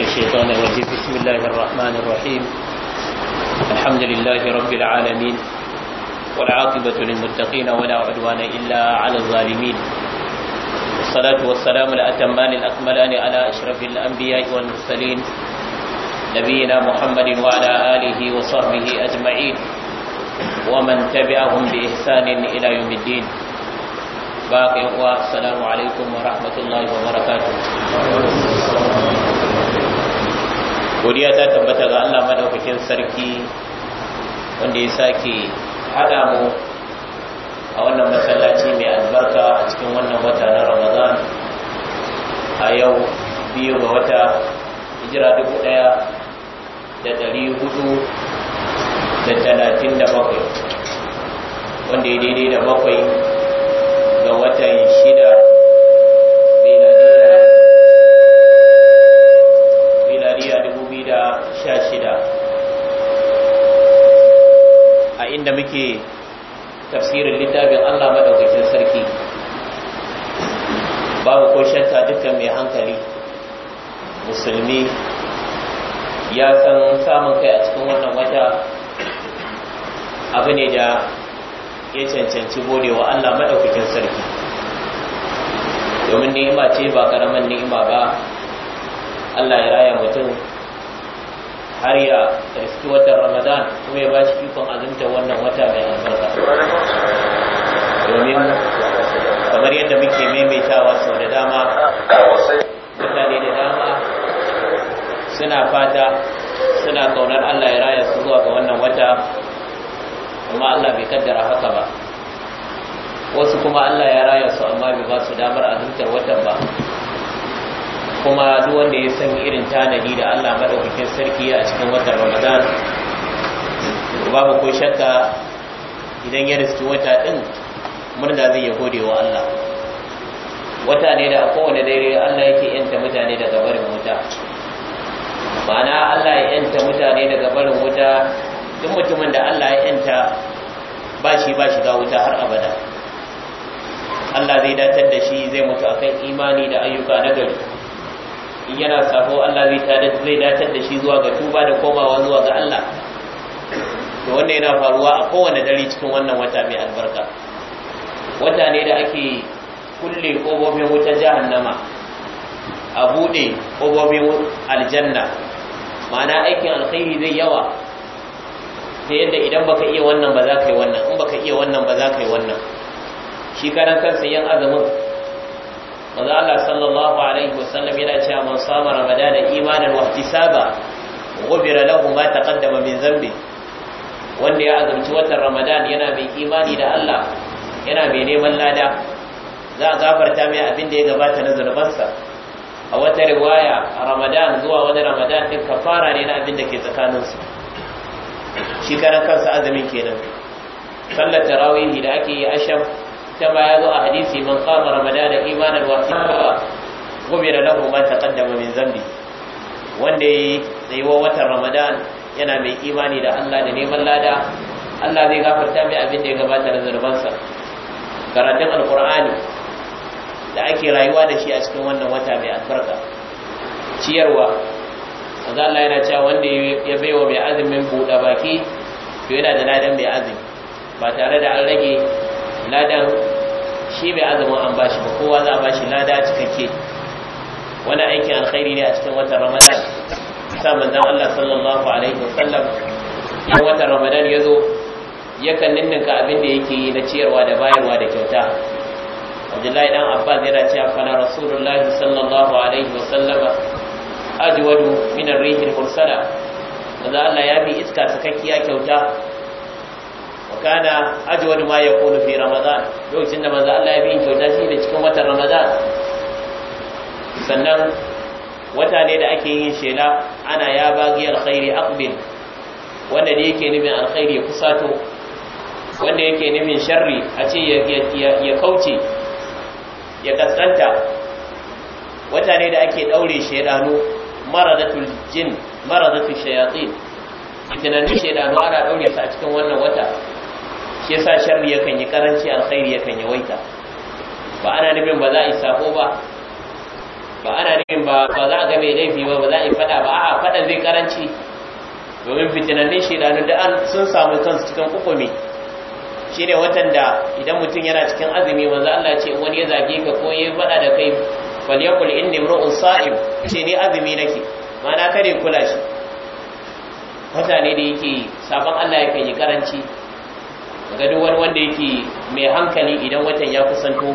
من الشيطان الرجيم بسم الله الرحمن الرحيم الحمد لله رب العالمين والعاقبة للمتقين ولا عدوان إلا على الظالمين والصلاة والسلام الأتمان الأكملان على أشرف الأنبياء والمرسلين نبينا محمد وعلى آله وصحبه أجمعين ومن تبعهم بإحسان إلى يوم الدين باقي السلام عليكم ورحمة الله وبركاته godiya ta tabbata ga Allah madaukakin sarki wanda ya sake haɗa mu a wannan masallaci mai albarka a cikin wannan wata na Ramadan a yau biyu ga wata hijira dubu daya da dari hudu da talatin da bakwai wanda ya daidai da bakwai ga watan shida inda muke tafsirin littafin Allah madaukakin sarki babu ko shakka dukkan mai hankali musulmi ya san samun kai a cikin wannan wata abu ne da ya cancanci gode wa Allah madaukakin sarki domin ni'ima ce ba karaman ni'ima ba Allah ya raya mutum har ya riski watan ramadan kuma ya ba shi ikon azumta wannan wata mai albarka domin kamar yadda muke maimaitawa sau da dama mutane da dama suna fata suna kaunar allah ya raya su zuwa ga wannan wata amma allah bai kaddara haka ba wasu kuma allah ya raya su amma bai ba su damar azumtar watan ba kuma duk wanda ya san irin tanadi da Allah madaukakin sarki a cikin watan Ramadan babu ko shakka idan ya riski wata din murna zai ya gode wa Allah wata ne da kowane dare Allah yake yanta mutane daga barin wuta bana Allah ya yanta mutane daga barin wuta duk mutumin da Allah ya yanta ba shi ba shiga wuta har abada Allah zai datar da shi zai mutu akan imani da ayyuka na gari in yana sako Allah zai tada zai datar da shi zuwa ga tuba da komawa zuwa ga Allah to wannan yana faruwa a kowane dare cikin wannan wata mai albarka wata ne da ake kulle kobobin wuta jahannama a buɗe kobobin aljanna ma'ana aikin alkhairi zai yawa ta yadda idan baka iya wannan ba za ka yi wannan in baka iya wannan ba za ka yi wannan shi karan kansa yan azumin manzo Allah sallallahu alaihi wasallam yana cewa mun sama ramadana imanin wa saba. ghufira lahu ma taqaddama min zambi wanda ya azumci watan ramadan yana mai imani da Allah yana mai neman lada za a gafarta mai abin da ya gabata na zunubansa a wata riwaya a ramadan zuwa wani ramadan din kafara ne na abin da ke tsakaninsu shi karan kansa azumin kenan sallar tarawih da ake yi asham Ta baya zo a hadisi man qama da imanan wa ihtisaba gubira lahu ma taqaddama min zambi wanda yi tsayuwa watan ramadan yana mai imani da Allah da neman lada Allah zai gafarta mai abin da ya gabata da zurbansa karatun alkur'ani da ake rayuwa da shi a cikin wannan wata mai albarka ciyarwa maza Allah yana cewa wanda ya baiwa mai azumin buɗe baki to yana da ladan mai azumi ba tare da an rage ladan shi mai azumin an shi ba kowa za a bashi lada cikakke wani aikin alkhairi ne a cikin watan ramadan sa manzon Allah sallallahu alaihi wasallam in watan ramadan ya zo yakan ninninka abin da yake yi na ciyarwa da bayarwa da kyauta abdullahi dan abbas yana cewa fala rasulullahi sallallahu alaihi wasallama ajwadu min ar mursala manzon Allah ya bi iska sakakkiya kyauta kana ajwadu ma yakunu fi ramadan lokacin da manzo Allah ya bi kyauta shi da cikin watan ramadan sannan wata ne da ake yin shela ana ya bagi alkhairi aqbil wanda ne yake nufin alkhairi ya kusato wanda yake nufin sharri a ce ya kauce ya kasanta. wata ne da ake daure shedanu maradatul jin maradatul shayatin tunanin shedanu ana daure su a cikin wannan wata shi yasa sharri yakan yi karanci alkhairi yakan yi yawaita ba ana nufin ba za a yi sako ba ba ana nufin ba za a ga mai laifi ba ba za a yi fada ba a fada zai karanci domin fitinannin shi da an sun samu kansu cikin kukumi shi ne watan da idan mutum yana cikin azumi manzo Allah ce wani ya zage ka ko ya fada da kai falyakul inni imru'un sa'im ce ni azumi nake mana kare kula shi mutane da yake sabon Allah yakan yi karanci ga duk wani wanda yake mai hankali idan watan ya kusanto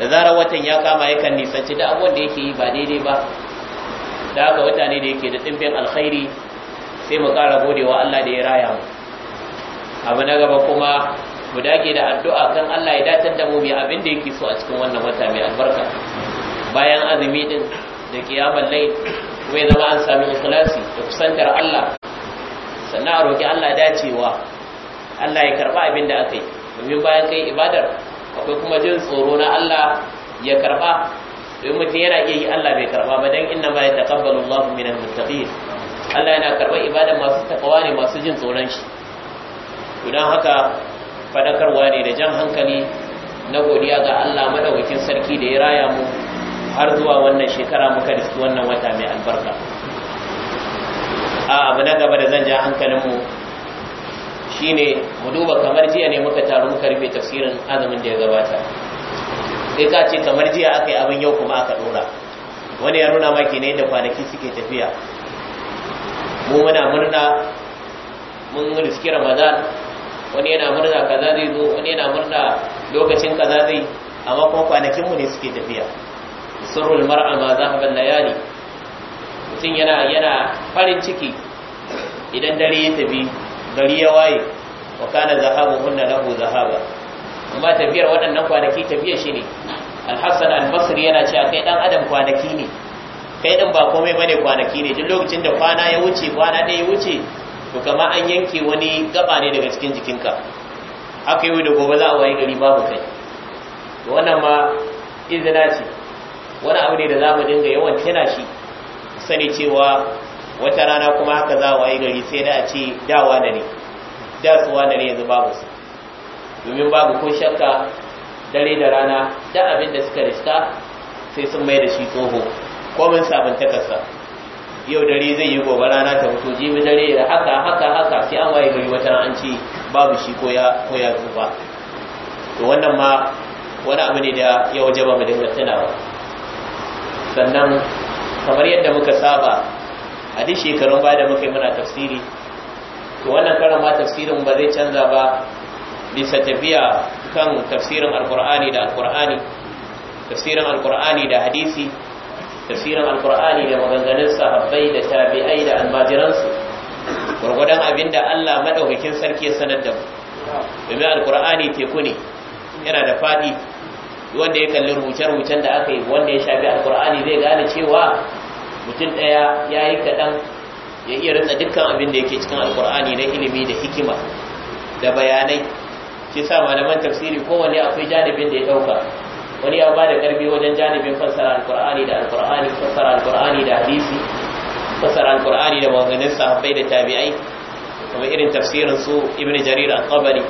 da zarar watan ya kama yakan nisanci da abubuwan da yake yi ba daidai ba da haka wata ne da yake da tsimfin alkhairi sai mu ƙara godewa Allah da ya raya mu abu na gaba kuma mu dage da addu'a kan Allah ya datar da mu mai abin da yake so a cikin wannan wata mai albarka bayan azumi din da kiyamar lai ya zama an sami ikhlasi da kusantar Allah sannan a roƙi Allah dacewa Allah ya karba abin da aka yi domin bayan kai ibadar akwai kuma jin tsoro na Allah ya karba domin mutum yana iya yi Allah bai karba ba dan inna ma yataqabbalu Allahu minal muttaqin Allah yana karbar ibadar masu takawa ne masu jin tsoron shi to haka fadakarwa ne da jan hankali na godiya ga Allah madaukakin sarki da ya raya mu har zuwa wannan shekara muka riski wannan wata mai albarka a abu na gaba da zan ja mu. shine mu duba kamar jiya ne muka taru muka rufe tafsirin azumin da ya gabata sai ka ce kamar jiya aka yi abin yau kuma aka dora wani ya nuna maki ne da kwanaki suke tafiya mu muna murna mun riski ramadan wani yana murna kaza zai zo wani yana murna lokacin kaza zai amma kuma kwanakin mu ne suke tafiya sirrul mar'a ma ga layali mutum yana yana farin ciki idan dare ya tafi gari ya waye wa kana zahabu hunna lahu zahaba amma tafiyar waɗannan kwanaki tafiya shi ne alhassan albasri yana cewa kai ɗan adam kwanaki ne kai ɗin ba komai bane kwanaki ne duk lokacin da kwana ya wuce kwana ɗaya ya wuce to kama an yanke wani gaba ne daga cikin jikinka haka yau da gobe za a waye gari babu kai to wannan ma izina ce wani abu ne da za mu dinga yawan tana shi sani cewa wata rana kuma haka za a gari sai da a ce dawa da ne da su wane ne yanzu babu su domin babu ko shakka dare da rana da abin da suka rista sai sun mai da shi tsoho komin sabantakarsa yau dare zai yi gobe rana ta mutu jimi dare da haka haka haka sai an waye gari wata an ce babu shi ko ya zuba to wannan ma wani abu ne da ya waje ba mu dinga tunawa sannan kamar yadda muka saba a shekarun baya da muke muna tafsiri to wannan karan ma tafsirin ba zai canza ba bisa tafiya kan tafsirin alkur'ani da alkur'ani tafsirin alkur'ani da hadisi tafsirin alkur'ani da maganganun sahabbai da tabi'ai da almajiransu gwargwadon abin da allah maɗaukakin sarki ya sanar da mu domin alkur'ani teku ne yana da faɗi wanda ya kalli rubuce-rubucen da aka yi wanda ya shafi alkur'ani zai gane cewa mutum ɗaya ya yi kaɗan ya iya rinsa dukkan abin da yake cikin alkur'ani na ilimi da hikima da bayanai ke sa malaman tafsiri kowanne akwai janibin da ya ɗauka wani ya ba da ƙarfi wajen janibin fassara alkur'ani da alkur'ani fassara alkur'ani da hadisi fassara alkur'ani da maganin sahabbai da tabi'ai kuma irin tafsirin su ibn jarir al-qabari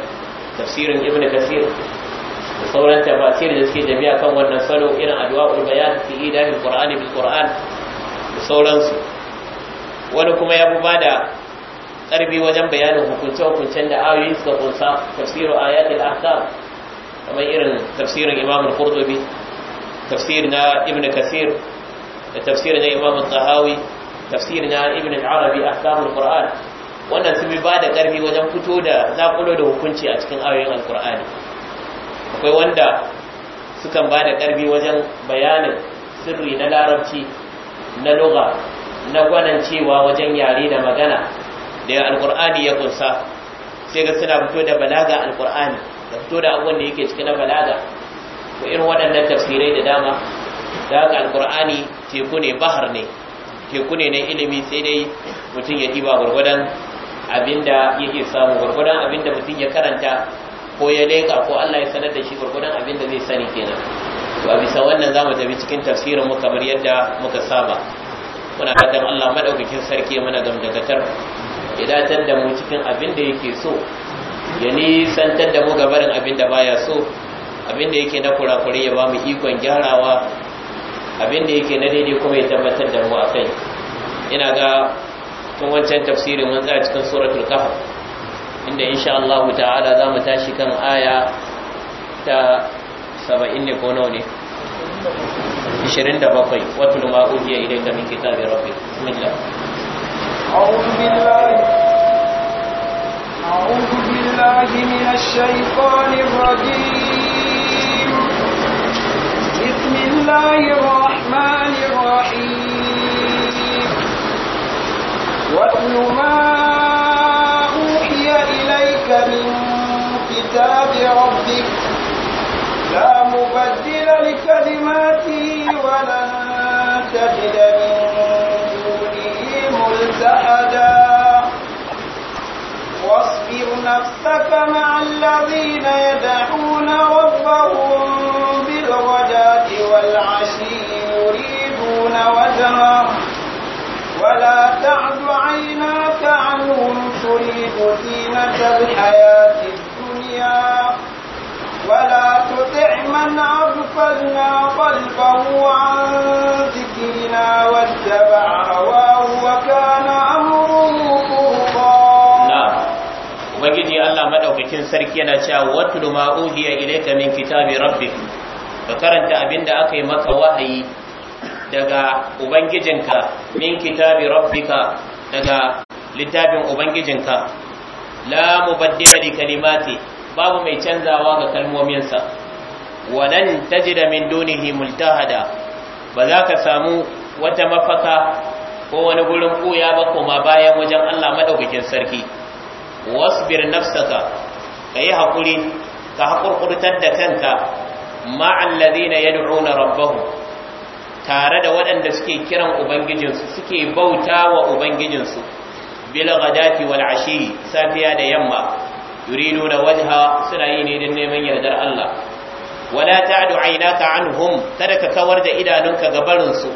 tafsirin ibn kasir da sauran tafasir da suke jami'a kan wannan salo irin adwa'ul bayan fi idamin qur'ani bil qur'an da sauransu wani kuma ya buba da ƙarfi wajen bayanin hukunce-hukuncen da ayoyi suka kunsa tafsirin ayatul ahzab, kamar irin tafsirin imam al-qurtubi tafsir na ibn kasir da tafsir na imam al-tahawi tafsir na ibn al-arabi ahkam al-qur'an wannan sun bi ba da ƙarfi wajen fito da zakulo da hukunci a cikin ayoyin al-qur'ani akwai wanda sukan ba da ƙarfi wajen bayanin sirri na larabci na lugha na gwanan cewa wajen yare da magana da alkur'ani ya kunsa sai ga suna fito da balaga alkur'ani da fito da abubuwan da yake cikin na balaga ko irin waɗannan tafsirai da dama da haka alkur'ani teku ne bahar ne teku ne na ilimi sai dai mutum ya ɗiba gwargwadon abinda yake samu gwargwadon abinda mutum ya karanta ko ya leƙa ko Allah ya sanar da shi gwargwadon da zai sani kenan to a bisa wannan za mu tafi cikin tafsirin mu kamar yadda muka saba muna fatan Allah maɗaukakin sarki ya mana gamdakatar ya datar da mu cikin abin da yake so ya nisantar da mu gabarin abin da baya so abin da yake na kurakure ya ba mu ikon gyarawa abin da yake na daidai kuma ya tabbatar da mu a kai ina ga tun wancan tafsirin mun za cikin suratul kahf inda insha Allah ta'ala za mu tashi kan aya ta saba'in ne ko nawa ne 27 watul ma uhiya ilayka min kitabi rabbik bismillah a'udhu billahi a'udhu billahi minash shaitanir rajim bismillahir rahmanir rahim wa ma كلماته ولن تجد من دونه ملتحدا واصبر نفسك مع الذين يدعون ربهم بالغداة والعشي يريدون وجهه ولا تعد عيناك عنهم تريد زينة الحياة الدنيا ولا تطع من أغفلنا قلبه عن ذكرنا واتبع هواه وكان أمره Ubangiji Allah madaukakin sarki yana cewa watlu ma uhiya ilayka min kitabi rabbik ka karanta abinda aka yi maka wahayi daga ubangijinka min kitabi rabbika daga littafin ubangijinka la mubaddila li kalimati babu mai canzawa ga kalmominsa walan tajida min dunihi multahada ba za ka samu wata mafaka ko wani gurin buya ba koma bayan wajen Allah madaukakin sarki wasbir nafsaka kayi haƙuri ka hakurkurtar da kanka na ladina yad'una rabbahum tare da waɗanda suke kiran ubangijinsu suke bauta wa ubangijinsu bil ghadati wal ashi safiya da yamma yuridu da wajha suna yi ne don neman yardar Allah wala ta'du aynaka anhum kada ka kawar da idanunka ga barin su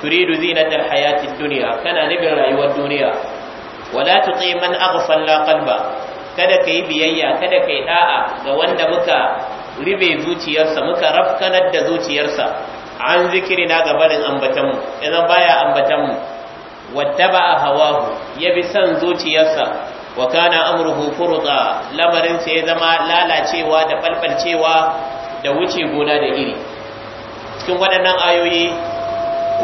turidu zinatal hayatid dunya kana nabin rayuwar duniya wala tuti man aghfalna qalba kada ka yi biyayya kada ka yi da'a ga wanda muka ribe zuciyarsa muka rafkanar da zuciyarsa an zikiri ga barin ambatanmu idan baya ambatanmu wattaba hawahu ya bi san zuciyarsa wa kana amruhu furda lamarin ya zama lalacewa da falfalcewa da wuce gona da iri cikin waɗannan ayoyi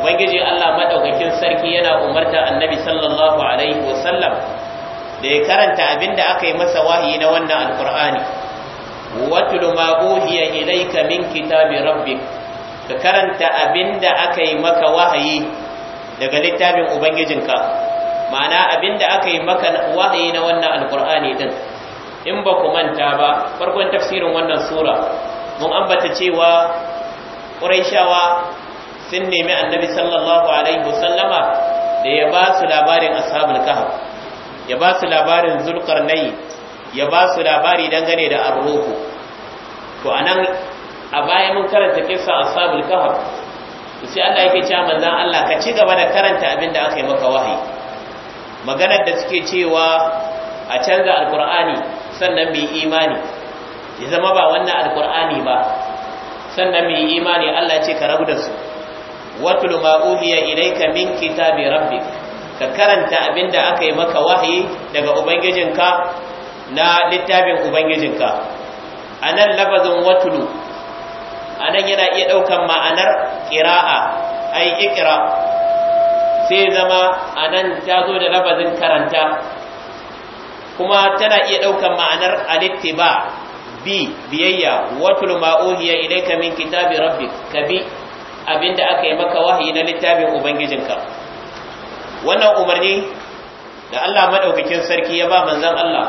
ubangiji Allah madaukakin sarki yana umarta annabi sallallahu alaihi wasallam da ya karanta abinda aka yi masa wahayi na wannan alqur'ani watul ma uhiya ilayka min kitabi rabbik ka karanta abinda aka yi maka wahayi daga littafin ubangijinka ma'ana abinda aka yi maka wahayi na wannan alkur'ani din in ba ku manta ba farkon tafsirin wannan sura mun ambata cewa ƙuraishawa sun nemi annabi sallallahu alaihi wasallama da ya ba su labarin ashabul kahf ya ba su labarin zulqarnai ya ba su labari dangane da arruhu to anan a baya mun karanta kissa ashabul kahf sai Allah yake cewa manzon Allah ka ci gaba da karanta abin da aka yi maka wahayi maganar da suke cewa a canza alkur'ani sannan mai imani ya zama ba wannan alkur'ani ba sannan mai imani Allah ce ka rabu da su watul ma uhiya ka min kitabi rabbi ka karanta abin da aka yi maka wahayi daga ubangijinka na littafin ubangijinka A nan labazin watulu nan yana iya ɗaukan ma'anar ƙira'a, ai ikira sai zama a nan ta zo da labazin karanta kuma tana iya ɗaukar ma'anar alittiba bi biyayya watul ma'uhiya ka min kitabi rabbik ka bi abinda aka yi maka wahayi na littafin ubangijinka wannan umarni da Allah madaukakin sarki ya ba manzon Allah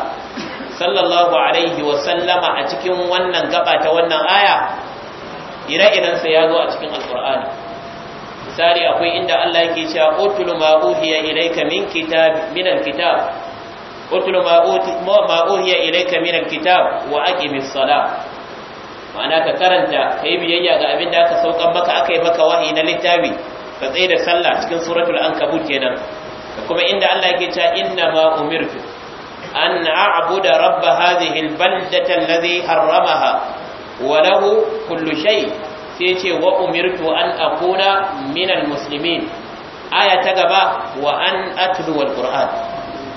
sallallahu alaihi wa sallama a cikin wannan gaba ta wannan aya ire-irensa ya zo a cikin alkur'ani misali akwai inda Allah yake cewa utlu ma uhiya ilayka min kitab min alkitab utlu ma uti ma uhiya ilayka min alkitab wa aqimis salah ma'ana ka karanta kai biyayya ga abin da aka saukan maka aka yi maka wahayi na littafi ka tsaye da sallah cikin suratul ankabut kenan da kuma inda Allah yake cewa inna ma umirtu an a'buda rabb hadhihi albaldati alladhi harramaha wa lahu kullu shay' sai ce wa umirtu an akuna minal muslimin aya ta gaba wa an atlu alquran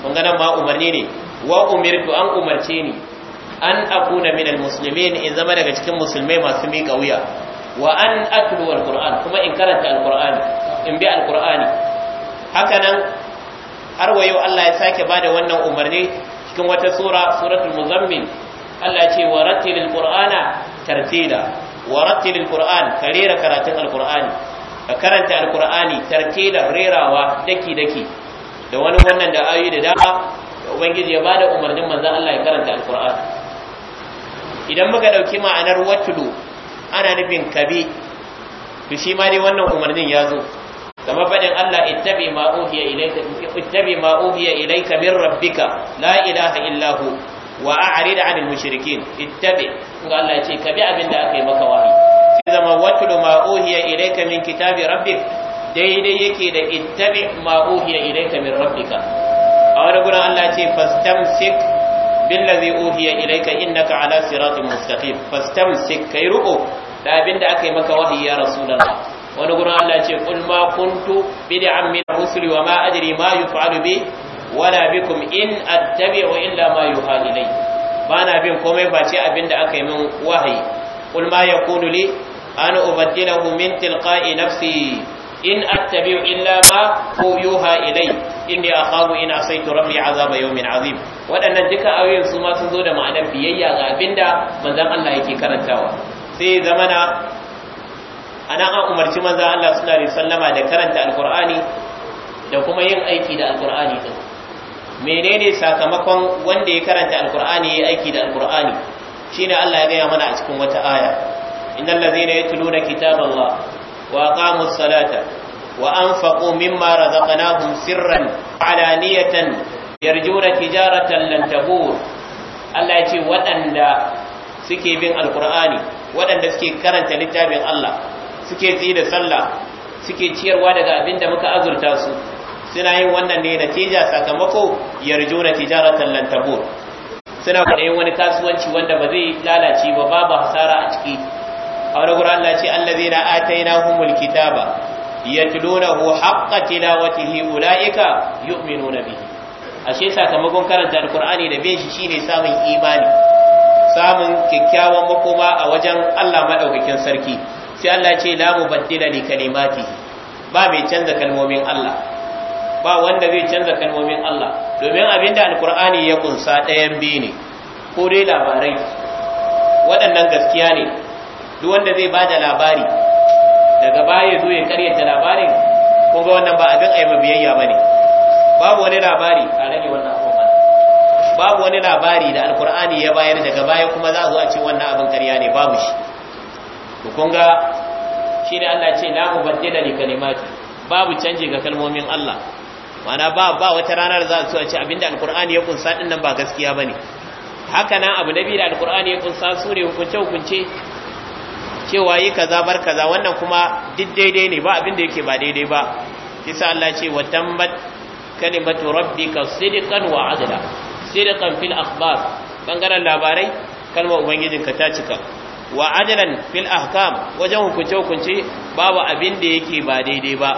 kun ga nan ma umarni ne wa umirtu an umarce ni an akuna minal muslimin in zama daga cikin musulmai masu miƙa wuya wa an atlu alquran kuma in karanta alqur'ani in bi alqur'ani haka nan har wayo Allah ya sake bada wannan umarni cikin wata sura suratul muzammil Allah ya ce wa rattilil qur'ana tartila wa rattilil ka rera karatun alqur'ani ka karanta alqur'ani tartilan rerawa daki daki da wani wannan da ayoyi da dama da ubangiji ya bada umarnin manzon Allah ya karanta alqur'ani idan muka dauki ma'anar watlu ana nufin kabi to shi ma dai wannan umarnin ya zo kamar fadin Allah ittabi ma uhiya ilayka ittabi ma uhiya ilayka min rabbika la ilaha illa hu wa a'rid 'anil mushrikeen ittabi kuma Allah ce ka bi abin da aka yi maka wahi. sai zama watlu ma uhiya ilayka min kitabi rabbik daidai yake da ittabi ma uhiya ilayka min rabbika a wani gurin Allah ya ce fastamsik billazi uhiya ilayka innaka ala siratin mustaqim fastamsik kai ruko da abin da aka yi maka wahi ya rasulullah wani gurin Allah ce kul ma kuntu bid'an min rusuli wa ma adri ma yuf'alu bi wala bikum in attabi'u illa ma yuha ilayhi ba na bin komai face abin da aka yi min wahayi kul ma yakunu li an ubaddilahu min tilqa'i nafsi in attabi'u illa ma yuha ilai inni ina in asaitu rabbi azaba yawmin azim waɗannan duka ayoyin su ma sun zo da ma'anar biyayya ga abinda manzon Allah yake karantawa sai zamana ana an umarci manzon Allah sallallahu alaihi wasallama da karanta alqur'ani da kuma yin aiki da alqur'ani din menene sakamakon wanda ya karanta alkur'ani ya aiki da alkur'ani shine Allah ya gaya mana a cikin wata aya innal ladzina yatluna kitaballah wa aqamus salata wa anfaqu mimma razaqnahum sirran alaniyatan yarjuna tijaratan lan tabur Allah ya ce waɗanda suke bin alkur'ani waɗanda suke karanta littafin Allah suke tsaye da sallah suke ciyarwa daga abin da muka azurta su suna yin wannan ne natija sakamako yarjuna tijaratan lan suna da wani kasuwanci wanda ba zai lalace ba babu hasara a ciki a wani gurin Allah ce allazina atainahumul kitaba yatlunahu haqqa tilawatihi ulaika yu'minuna bihi ashe sakamakon karanta alqur'ani da bin shi shine samun imani samun kyakkyawan makoma a wajen Allah madaukakin sarki sai Allah ce la mubaddila li kalimatihi ba mai canza kalmomin Allah ba wanda zai canza kalmomin Allah domin abin da alkur'ani ya kunsa ɗayan biyu ne ko dai labarai waɗannan gaskiya ne duk wanda zai ba da labari daga baya zo ya karyata labarin ko ga wannan ba abin ayyuka biyayya ba ne babu wani labari a rage wannan abubuwan babu wani labari da alkur'ani ya bayar daga baya kuma za a zo a ce wannan abin karya ne babu shi to kun ga ne Allah ce la mubaddila li kalimati babu canji ga kalmomin Allah mana ba ba wata ranar za su ce abinda alkur'ani ya kunsa din nan ba gaskiya bane haka nan abu nabi da alkur'ani ya kunsa sure hukunce hukunce cewa yi kaza bar kaza wannan kuma duk daidai ne ba abinda yake ba daidai ba kisa Allah ce wa tambat kalimatu rabbika sidqan wa adla sidqan fil akhbar bangaren labarai kalmar ubangijinka ta cika wa adlan fil ahkam wajen hukunce hukunce babu abinda yake ba daidai ba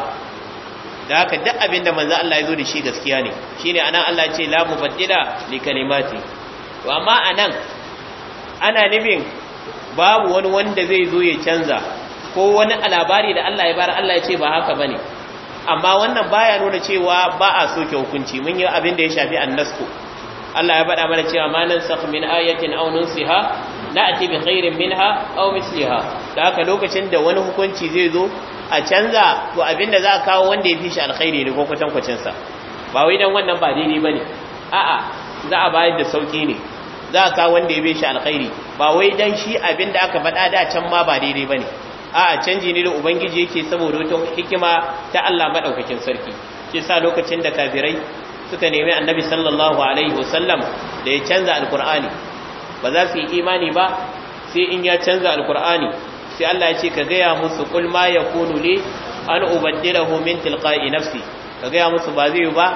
da haka duk abin da manzo Allah ya zo da shi gaskiya ne shine anan Allah ce la mubaddila li kalimati to amma anan ana nufin babu wani wanda zai zo ya canza ko wani labari da Allah ya bar Allah ya ce ba haka bane amma wannan baya nuna cewa ba a soke hukunci mun yi abin da ya shafi annasko Allah ya faɗa mana cewa ma nan sakh min ayatin aw nunsiha na'ti bi khairin minha aw misliha da haka lokacin da wani hukunci zai zo a canza to abinda za a kawo wanda ya fi shi alkhairi ne ko kwatan kwacinsa ba wai dan wannan ba daidai bane a'a za a bayar da sauki ne za a kawo wanda ya fi shi alkhairi ba wai dan shi abinda aka faɗa da can ma ba daidai bane a'a canji ne da ubangiji yake saboda wata hikima ta Allah madaukakin sarki shi sa lokacin da kafirai suka nemi annabi sallallahu alaihi wasallam da ya canza alqur'ani ba za su yi imani ba sai in ya canza alqur'ani sai Allah ya ce ka gaya musu kul ma yakunu li an ubaddilahu min tilqa'i nafsi ka gaya musu ba zai ba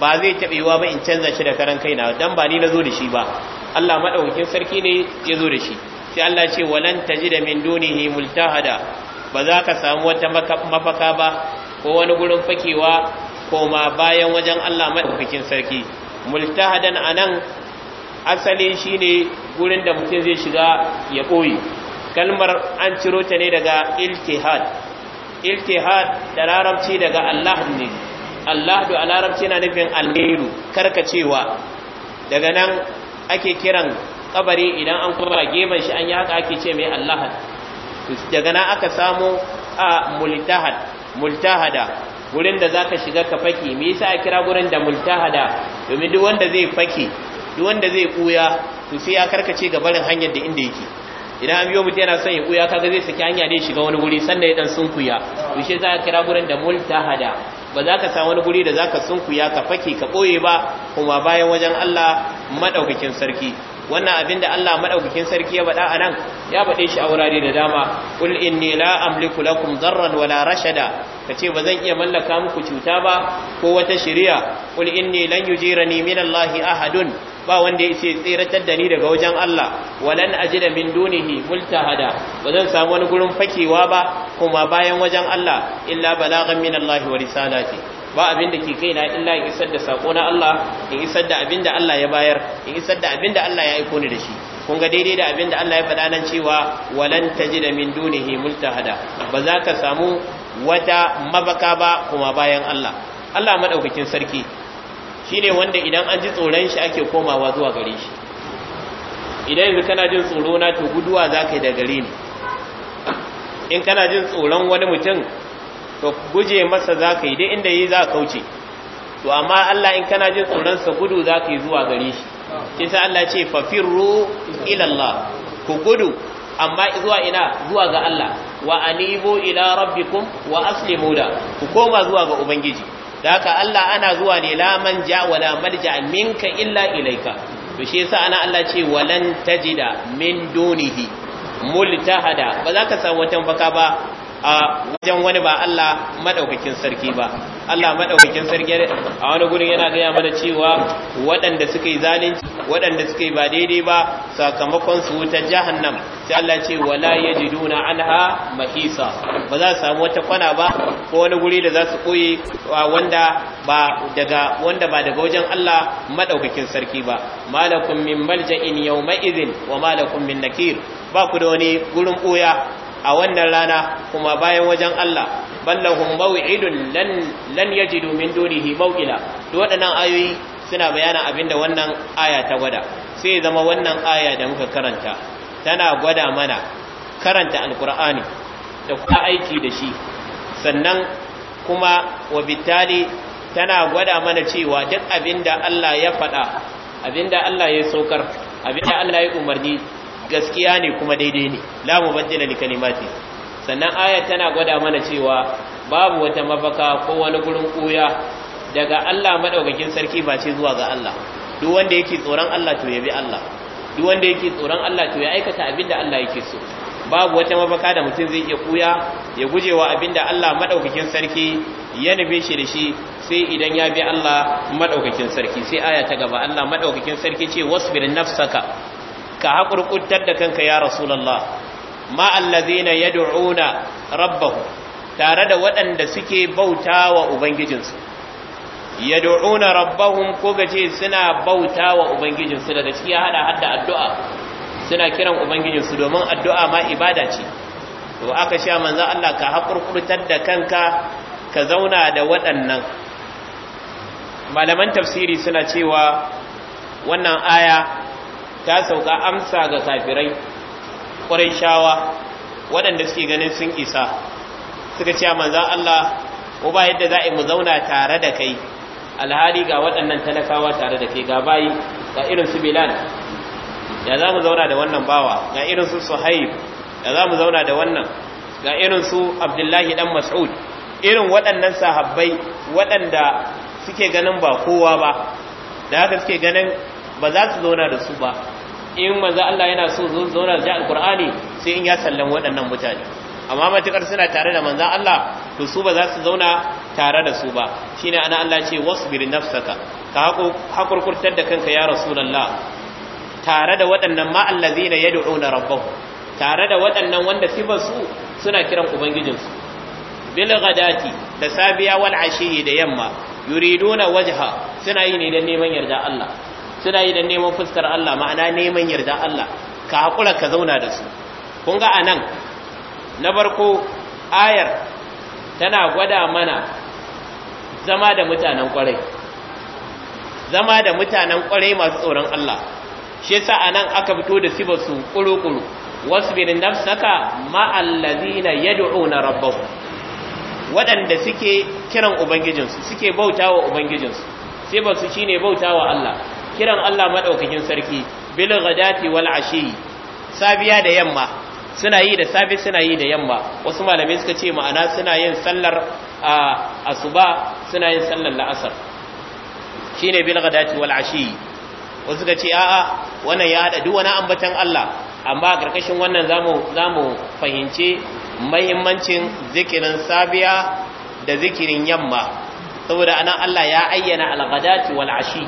ba zai tabewa ba in canza shi da karan kaina dan ba ni zo da shi ba Allah madaukakin sarki ne ya zo da shi sai Allah ya ce walan tajida min dunihi multahada ba za ka samu wata mafaka ba ko wani gurin fakewa koma bayan wajen Allah madaukakin sarki multahadan anan asali shine gurin da mutum zai shiga ya koyi kalmar an ciro ta ne daga iltihad iltihad da larabci daga Allah ne Allah da larabci na nufin alheru karkacewa daga nan ake kiran kabari idan an kuma geban shi an yi haka ake ce mai Allah daga nan aka samu a multahad multahada wurin da zaka shiga ka faki me yasa a kira gurin da multahada domin duk wanda zai faki duk wanda zai kuya to sai ya karkace ga barin hanyar da inda yake idan an biyo mutum yana son ya kuya kaga zai saki hanya ne shiga wani guri sanda ya dan sunkuya to shi za ka kira gurin da multahada ba za ka samu wani guri da za ka sunkuya ka fake ka ɓoye ba kuma bayan wajen Allah maɗaukakin sarki wannan abin da Allah madaukakin sarki ya bada anan ya bade shi a wurare da dama kul inni la amliku lakum darran wala rashada kace zan iya mallaka muku cuta ba ko wata shari'a kul inni lan yujirani min Allahi ahadun ba wanda ya ce tseratar da ni daga wajen Allah walan ajida min dunihi multahada bazan samu wani gurin fakewa ba kuma bayan wajen Allah illa balagan min Allah wa risalati ba abin da ke kaina illa in isar da sako na Allah in isar da abin da Allah ya bayar in isar da abin da Allah ya aiko ni da shi kun ga daidai da abin da Allah ya faɗa nan cewa walan tajida min dunihi multahada ba za ka samu wata mabaka ba kuma bayan Allah Allah madaukakin sarki shine wanda idan an ji tsoron shi ake komawa zuwa gare shi idan yanzu kana jin tsoro na to guduwa za ka yi da gare ni in kana jin tsoron wani mutum to guje masa za ka yi dai inda yi za ka kauce to amma Allah in kana jin tsoronsa gudu za ka yi zuwa gare shi shi Allah ce fafirru ilallah ku gudu amma zuwa ina zuwa ga Allah wa anibu ila rabbikum wa aslimu da ku koma zuwa ga ubangiji da haka Allah ana zuwa ne la manja wala malja minka illa ilaika to shi yasa ana Allah ce walan tajida min dunihi multahada ba za ka samu wata mafaka ba a wajen wani ba Allah madaukakin sarki ba Allah madaukakin sarki a wani gurin yana gaya mana cewa waɗanda suka yi zalunci waɗanda suka yi ba daidai ba sakamakon su wuta jahannam sai Allah ce wala yajiduna anha mahisa ba za su samu wata kwana ba ko wani guri da za su koyi wanda ba daga wanda ba daga wajen Allah madaukakin sarki ba malakum min malja'in yawma idhin wa malakum min nakir ba ku da wani gurin boya a wannan rana kuma bayan wajen Allah ballahum maw'idun lan lan yajidu min dunihi maw'ila To waɗannan ayoyi suna bayanin abinda wannan aya ta gwada sai zama wannan aya da muka karanta tana gwada mana karanta alkur'ani da kuma aiki da shi sannan kuma wa Bitali tana gwada mana cewa duk abinda Allah ya faɗa abinda Allah ya saukar abinda Allah ya umarni gaskiya ne kuma daidai ne la mubaddila li kalimati sannan ayat tana gwada mana cewa babu wata mafaka ko wani gurin koya daga Allah madaukakin sarki ba ce zuwa ga Allah duk wanda yake tsoron Allah to yabi Allah duk wanda yake tsoron Allah to ya aikata abinda Allah yake so babu wata mafaka da mutum zai iya kuya ya gujewa abinda Allah madaukakin sarki ya nabe shi da shi sai idan ya bi Allah madaukakin sarki sai aya ta gaba Allah madaukakin sarki ce wasbir nafsaka ka haƙurƙuntar da kanka ya rasulallah ma allazina yad'una rabbahu tare da waɗanda suke bauta wa ubangijinsu yad'una rabbahum ko gace suna bauta wa ubangijinsu daga ciki ya hada hadda addu'a suna kiran ubangijinsu domin addu'a ma ibada ce to aka sha manzo Allah ka haƙurƙurtar da kanka ka zauna da waɗannan malaman tafsiri suna cewa wannan aya ta sauka amsa ga kafirai ƙwarai shawa waɗanda suke ganin sun isa suka ce manzan Allah ko ba yadda za a yi mu zauna tare da kai alhali ga waɗannan talakawa tare da kai ga bayi ga irin su bilal ya za mu zauna da wannan bawa ga irin su suhaib ya za mu zauna da wannan ga irin su abdullahi dan mas'ud irin waɗannan sahabbai waɗanda suke ganin ba kowa ba da haka suke ganin ba za su zauna da su ba in manzo Allah yana so zo zauna da alqur'ani sai in ya sallama waɗannan mutane amma matukar suna tare da manzo Allah to su ba za su zauna tare da su ba shine ana Allah ce wasbir nafsaka ka hakurkurtar da kanka ya rasulullah tare da waɗannan ma allazina yad'una rabbahum tare da waɗannan wanda sifar su suna kiran ubangijinsu bil ghadati da sabiya wal ashiyi da yamma yuriduna wajha suna yi ne dan neman yarda Allah suna yi da neman fuskar Allah ma'ana neman yarda Allah ka haƙura ka zauna da su kun ga a nan na barko ayar tana gwada mana zama da mutanen ƙwarai zama da mutanen ƙwarai masu tsoron Allah shi sa a nan aka fito da siba su ƙuruƙuru wasu birin nafsaka ma'allazina yad'una rabba waɗanda suke kiran ubangijinsu suke bauta wa ubangijinsu sai ba su shine bautawa Allah kiran Allah madaukakin sarki bil ghadati wal ashi safiya da yamma suna yi da safi suna yi da yamma wasu malamai suka ce ma'ana suna yin sallar asuba suna yin sallar la'asar shine bil ghadati wal ashi wasu suka ce a'a wannan ya hada duk wani ambatan Allah amma karkashin wannan zamu zamu fahimci muhimmancin zikirin safiya da zikirin yamma saboda anan Allah ya ayyana al-ghadati wal ashi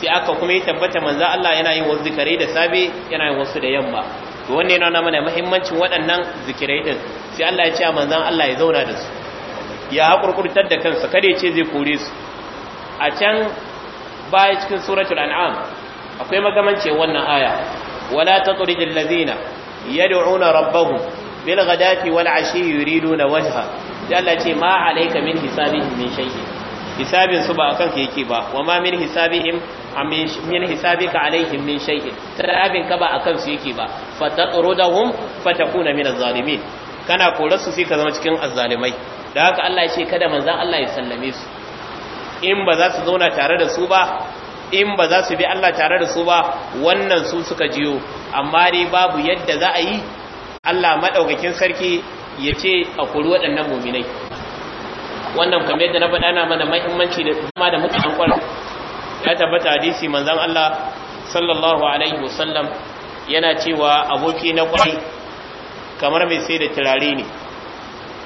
sai aka kuma yi tabbata manzo Allah yana yin wasu zikirai da safe yana yin wasu da yamma to wanne ne na mana muhimmancin waɗannan zikirai din sai Allah ya ce manzo Allah ya zauna da su ya hakurkurtar da kansa kada ya ce zai kore su a can baya cikin suratul an'am akwai magamance wannan aya wala taqridil ladina yad'una rabbahum bil ghadati wal ashi yuriduna wajha sai Allah ce ma alayka min hisabihim min shay'in hisabin su ba a kanka yake ba wa ma min hisabihim min hisabika alaihim min shay'in tarabin ka ba kansu kansu yake ba fataqrudahum fatakuna min az-zalimin kana korar su sai ka zama cikin azzalimai da haka Allah ya ce kada manzon Allah ya sallame su in ba za su zauna tare da su ba in ba za su bi Allah tare da su ba wannan su suka jiyo amma dai babu yadda za a yi Allah madaukakin sarki ya ce a kori waɗannan muminai wannan kamar yadda na faɗa na mana mahimmanci da zama da an kwarai ya tabbata hadisi manzon Allah sallallahu alaihi wasallam yana cewa aboki na kwai kamar mai sai da turare ne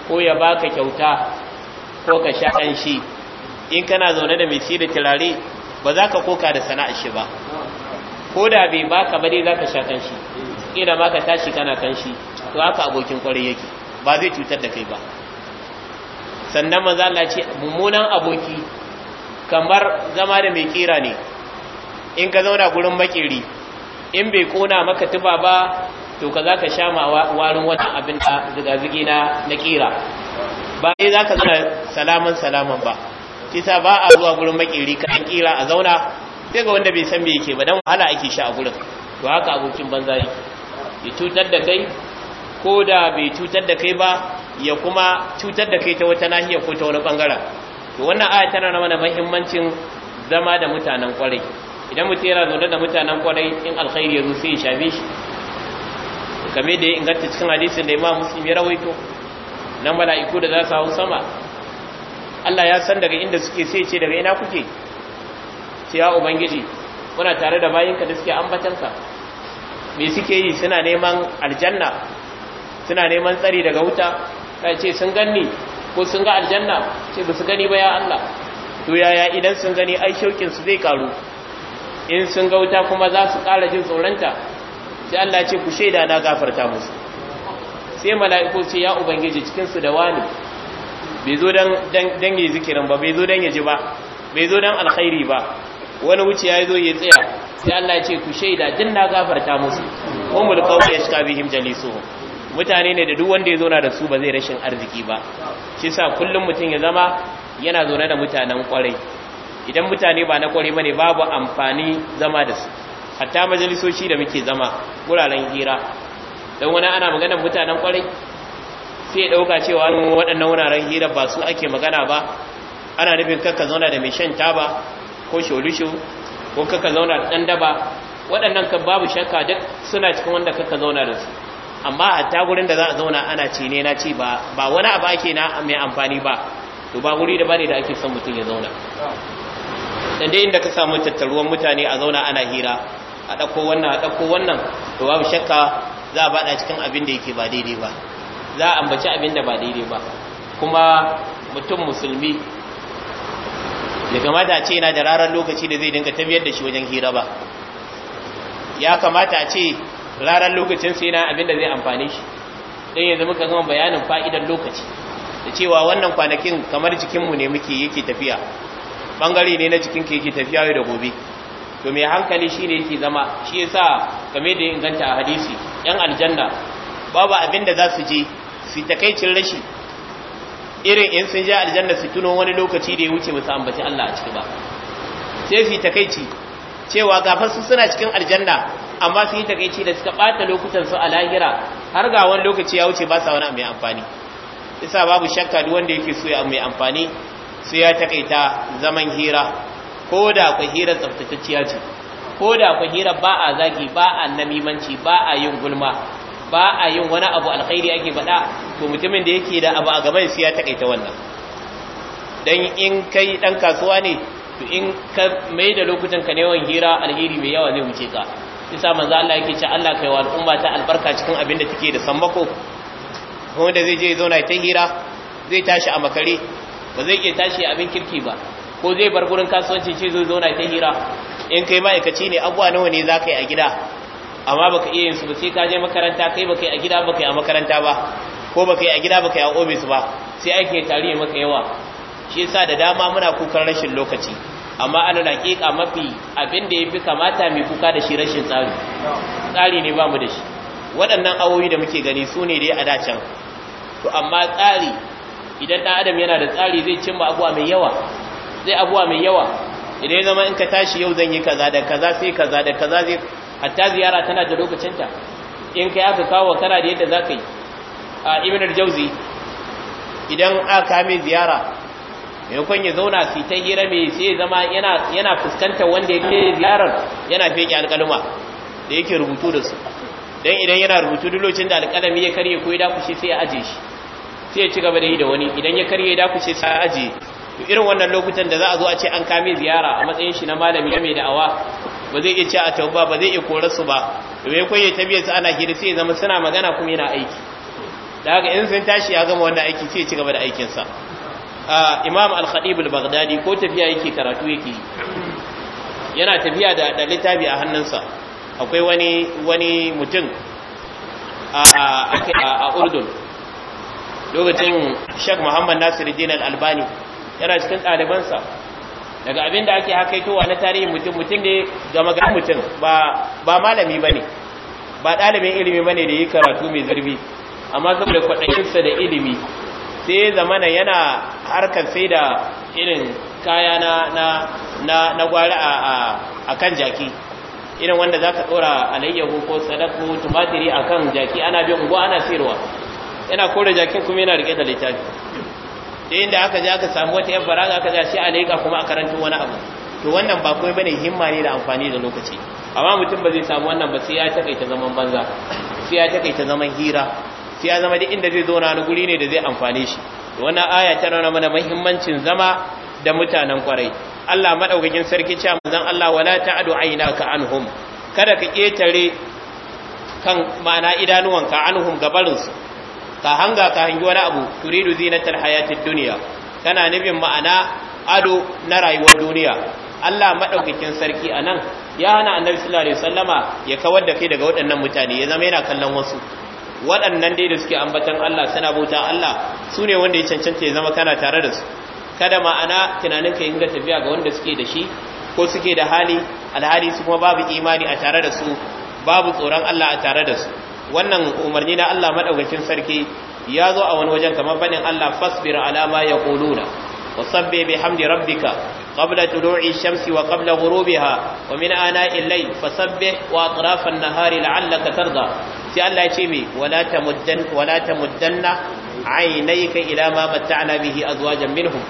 ko ya baka kyauta ko ka sha ɗan shi in kana zaune da mai sai da turare ba za ka koka da sana'a shi ba ko da bai baka ba dai za ka sha kanshi ina ma ka tashi kana shi to haka abokin kwarai yake ba zai cutar da kai ba sannan manzo Allah ce mummunan aboki kamar zama da mai kira ne in ka zauna gurin makeri in bai kona maka tuba ba to ka zaka sha ma warin wata abin da zigazigi na na kira ba sai zaka zana salaman salaman ba kisa ba a zuwa gurin makeri kan kira a zauna sai ga wanda bai san me yake ba dan wahala ake sha a gurin to haka abokin banza yake ya cutar da kai ko da bai cutar da kai ba ya kuma cutar da kai ta wata nahiya ko ta wani bangara to wannan aya tana na mana muhimmancin zama da mutanen kwarai idan mutum yana zaune da mutanen kwarai in alkhairi ya zo sai ya shafe shi kamar da ya inganta cikin hadisin da imam muslim ya rawaito nan mala'iku da za su hau sama Allah ya san daga inda suke sai ce daga ina kuke sai ya ubangiji muna tare da bayinka da suke ambatanka me suke yi suna neman aljanna suna neman tsari daga wuta sai ce sun ganni ko sun ga aljanna ce ba su gani ba ya Allah to yaya idan sun gani ai shaukin su zai karu in sun ga wuta kuma za su ƙara jin tsoronta sai Allah ce ku shaida na gafarta musu sai mala'iku ce ya ubangiji cikin su da wani bai zo dan dan yi zikirin ba bai zo dan yaji ba bai zo dan alkhairi ba wani wuce ya zo ya tsaya sai Allah ce ku shaida din na gafarta musu umul qawmi yashka bihim jalisuhum mutane ne da duk wanda ya zauna da su ba zai rashin arziki ba shi sa kullum mutum ya zama yana zaune da mutanen kwarai idan mutane ba na kwarai ne, babu amfani zama da su hatta majalisoci da muke zama wuraren hira don wani ana magana mutanen kwarai sai dauka cewa waɗannan wuraren hira ba su ake magana ba ana nufin kakka zauna da mai shan taba ko sholushu ko kakka zauna da ɗan daba waɗannan ka babu shakka duk suna cikin wanda kakka zauna da su amma hatta gurin da za a zauna ana ce ne na ce ba wani abu ake na mai amfani ba to ba guri da bane da ake son mutum ya zauna dan dai inda ka samu tattaruwan mutane a zauna ana hira a dako wannan a dako wannan to babu shakka za a bada cikin abin da yake ba daidai ba za a ambaci abin da ba daidai ba kuma mutum musulmi da kamata a ce yana da rarar lokaci da zai dinga tafiyar da shi wajen hira ba ya kamata a ce ranar lokacin sai na abin da zai amfane shi dan yanzu muka gama bayanin fa'idar lokaci da cewa wannan kwanakin kamar jikinmu ne muke yake tafiya bangare ne na jikin yake tafiya da gobe to mai hankali shine yake zama shi yasa game da inganta a hadisi yan aljanna babu abinda da za su je su takaicin rashi irin in sun je aljanna su tuno wani lokaci da ya wuce musu ambaci Allah a ciki ba sai su takaici cewa gafar su suna cikin aljanna amma sun yi takaici da suka bata lokutan su a lahira har ga wani lokaci ya wuce ba sa wani mai amfani isa babu shakka duk wanda yake so ya mai amfani su ya takaita zaman hira ko da akwai hira tsaftatacciya ce ko da akwai hira ba a zagi ba a namimanci ba a yin gulma ba a yin wani abu alkhairi ake faɗa to mutumin da yake da abu a gaban su ya takaita wannan dan in kai dan kasuwa ne to in ka mai da lokutan ka ne yawan hira alheri mai yawa zai wuce ka isa manzo Allah yake ce Allah kai wa al'umma ta albarka cikin abin da take da Kuma wanda zai je ya zauna ta hira zai tashi a makare ba zai iya tashi abin kirki ba ko zai bar gurin kasuwanci ce zai zauna ta hira in kai ma'aikaci ne abuwa nawa ne za ka yi a gida amma baka iya yin su ba sai ka je makaranta kai baka yi a gida baka yi a makaranta ba ko baka yi a gida baka yi a ofis ba sai aiki ya tare maka yawa shi yasa da dama muna kukan rashin lokaci amma alal haqiqa mafi abin da yafi kamata mai kuka da shi rashin tsari tsari ne bamu da shi waɗannan awoyi da muke gani su ne dai a dacen to amma tsari idan ɗan adam yana da tsari zai cimma abuwa mai yawa zai abuwa mai yawa idan ya zama in ka tashi yau zan yi kaza da kaza sai kaza da kaza zai hatta ziyara tana da lokacinta in kai aka kawo kana da yadda za ka yi a ibinar al-jauzi idan aka mai ziyara maimakon ya zauna su ta hira mai sai zama yana fuskantar wanda ke ziyarar yana feke alƙaluma da yake rubutu da su Don idan yana rubutu dulocin da alƙalami ya karye ko ya dakushe sai ya aje shi sai ya ci gaba da yi da wani idan ya karye ya dakushe sai ya aje to irin wannan lokutan da za a zo a ce an kame ziyara a matsayin shi na malami mai da'awa ba zai iya ci a tauba ba zai iya korar su ba domin kwaye biyar su ana hira sai ya zama suna magana kuma yana aiki da haka in sun tashi ya gama wannan aiki sai ya ci gaba da aikinsa imam al khadib al-baghdadi ko tafiya yake karatu yake yana tafiya da da littafi a hannunsa akwai wani wani mutum a a urdun lokacin Sheikh Muhammad Nasiruddin al-Albani yana cikin ɗalibansa daga abin da ake hakaitowa na tarihin mutum mutum ne ga magan mutum ba ba malami bane ba ɗalibin ilimi bane da yi karatu mai zurfi amma saboda kwaɗayinsa da ilimi sai zamana yana harkar sai da irin kaya na na na, na gwari a, a, kan jaki irin wanda za ka tsora alayyahu ko sadaku tumatiri a kan jaki ana bin unguwa ana sirwa yana kore jakin kuma yana rike da littafi da aka je ka samu wata yan faraga aka ja shi a laika kuma a karanta wani abu to wannan ba kuma bane himma ne da amfani da lokaci amma mutum ba zai samu wannan ba sai ya takaita zaman banza sai ya takaita zaman hira sai ya zama duk inda zai zo na guri ne da zai amfane shi wannan aya ta nuna mana muhimmancin zama da mutanen kwarai Allah madaukakin sarki cewa manzon Allah wala ta'du aynaka anhum kada ka ketare kan mana idanuwanka anhum gabarin su ka hanga ka hangi wani abu turidu zinatal hayatid dunya kana nufin ma'ana ado na rayuwar duniya Allah madaukakin sarki anan ya hana annabi sallallahu alaihi wasallama ya kawar da kai daga waɗannan mutane ya zama yana kallon wasu waɗannan dai da suke ambatan Allah suna bauta Allah su ne wanda ya cancanta ya zama kana tare da su kada ma'ana tunanin ka inga tafiya ga wanda suke da shi ko suke da hali alhali su kuma babu imani a tare da su babu tsoron Allah a tare da su wannan umarni na Allah madaukakin sarki ya zo a wani wajen kamar fadin Allah fasbir ala ma yaquluna wasabbi bihamdi rabbika qabla tulu'i shamsi wa qabla ghurubiha wa min ana'i al-layl fasabbih wa atrafan nahari la'allaka tarda sai Allah ya ce me wala tamuddan wala tamuddanna aynayka ila ma matta'na bihi azwajan minhum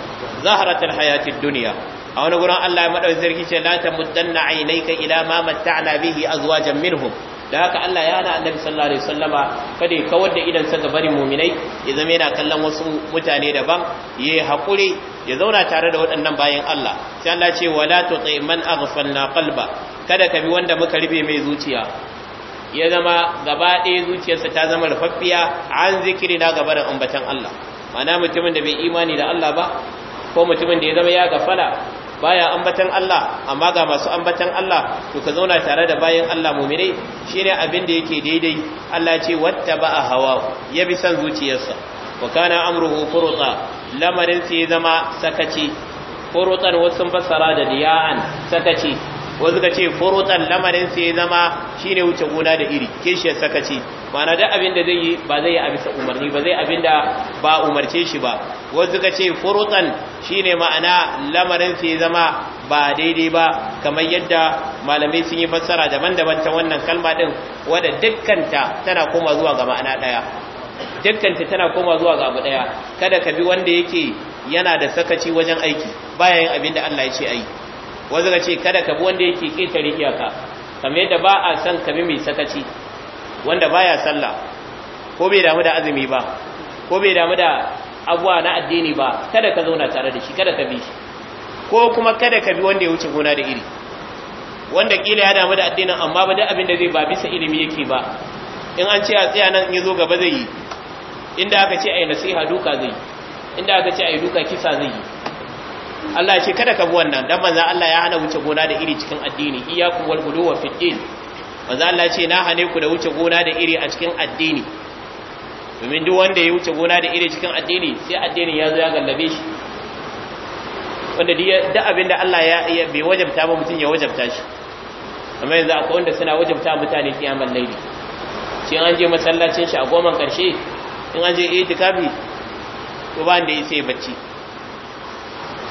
zahratal hayatid duniya. a wani wurin Allah ya madauki sarki ce la tamuddanna aynayka ila ma matta'na bihi jam'in hu? da haka Allah ya hana annabi sallallahu alaihi wasallama kada ya kawar da idan saka barin muminai ya zama yana kallon wasu mutane daban Ya yi hakuri ya zauna tare da waɗannan bayan Allah sai Allah ce wala tuti man aghfalna qalba kada ka bi wanda muka ribe mai zuciya ya zama gaba ɗaya zuciyarsa ta zama rufaffiya an zikiri na gaba da ambatan Allah mana mutumin da bai imani da Allah ba ko mutumin da ya zama ya gafala baya ambatan Allah amma ga masu ambatan Allah to ka zauna tare da bayan Allah mu'mine shine abin da yake daidai Allah ce ba a hawa ya bi san zuciyarsa wa kana amruhu furuta lamarin sai zama sakaci furutan wasu fassara da diya'an sakaci wasu ka ce furutan lamarin sai ya zama shine wuce gona da iri saka sakaci mana da abin da zai yi ba zai yi a umarni ba zai abin da ba umarce shi ba wasu ka ce furutan shine ma'ana lamarin sai ya zama ba daidai ba kamar yadda malamai sun yi fassara daban-daban ta wannan kalma din wadda dukkanta tana koma zuwa ga ma'ana ɗaya dukkanta tana koma zuwa ga abu ɗaya kada ka bi wanda yake yana da sakaci wajen aiki bayan abin da Allah ya ce ayi wanda ce kada ka bi wanda yake ƙetare iyaka kamar yadda ba a san ka mai sakaci wanda baya sallah ko bai damu da azumi ba ko bai damu da abuwa na addini ba kada ka zauna tare da shi kada ka bi shi ko kuma kada ka bi wanda ya wuce gona da iri wanda kila ya damu da addinin amma ba da abin da zai ba bisa ilimi yake ba in an ce a tsaya nan in yazo gaba zai yi inda aka ce ai nasiha duka zai yi, inda aka ce ai duka kisa zai yi Allah ce kada ka bi wannan dan manzo Allah ya hana wuce gona da iri cikin addini iyyakum wal hudu wa din manzo Allah ce na hane ku da wuce gona da iri a cikin addini domin duk wanda ya wuce gona da iri cikin addini sai addinin ya zo ya gallabe shi wanda duk abin da Allah ya bai wajabta ba mutum ya wajabta shi amma yanzu akwai wanda suna wajabta mutane kiyamar laili shi an je masallacin shi a goma karshe in an je itikafi to ba da ya sai bacci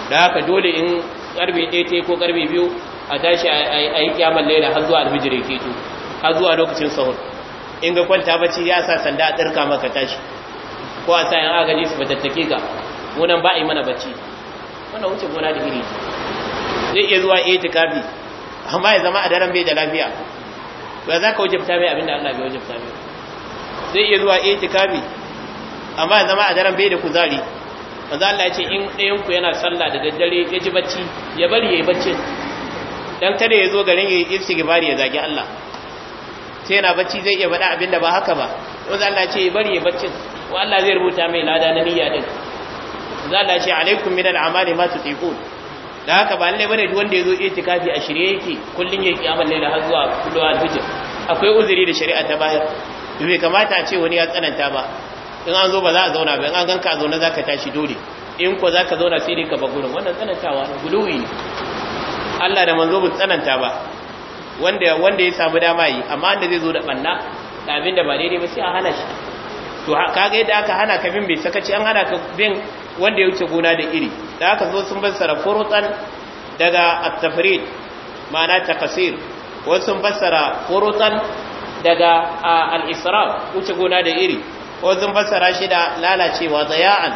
da haka dole in karbe ɗaya ta ko karbe biyu a tashi a yi kyamar laila har zuwa alfijir ke to har zuwa lokacin sahur in ga kwanta bacci ya sa sanda a tsirka maka tashi ko a sayan agaji su fatattake ka munan ba a yi mana bacci wanda wuce gona da iri zai iya zuwa kafi amma ya zama a daren bai da lafiya ba za ka wajabta mai abinda Allah bai wajabta mai zai iya zuwa kafi amma ya zama a daren bai da kuzari manzo Allah ya ce in ɗayan ku yana sallah da daddare ya ji bacci ya bari yayi bacci dan kada ya zo garin yayi bari ya zagi Allah sai yana bacci zai iya faɗa abinda ba haka ba manzo Allah ya ce ya bari yayi bacci ko Allah zai rubuta mai lada na niyya din manzo Allah ya ce alaikum min al'amali ma tutiqun da haka ba lalle bane duk wanda ya zo itikafi a shirye yake kullun ya kiyama laila har zuwa kullu al-fajr akwai uzuri da shari'a ta bayar bai kamata a ce wani ya tsananta ba in an zo ba za a zauna ba in an ganka a zauna za ka tashi dole in ko za ka zauna sai dai ka ba gurin wannan tsanantawa na guluwi ne Allah da manzo bai tsananta ba wanda wanda ya samu dama yi amma wanda zai zo da banna da abin da ba daidai ba sai a hana shi to kaga yadda aka hana ka bin bai sakaci an hana ka bin wanda ya wuce gona da iri da aka zo sun fassara furutan daga at-tafrid ma'ana takasir wasu sun fassara furutan daga al-israf wuce gona da iri ko sun fassara shi da lalacewa zaya'an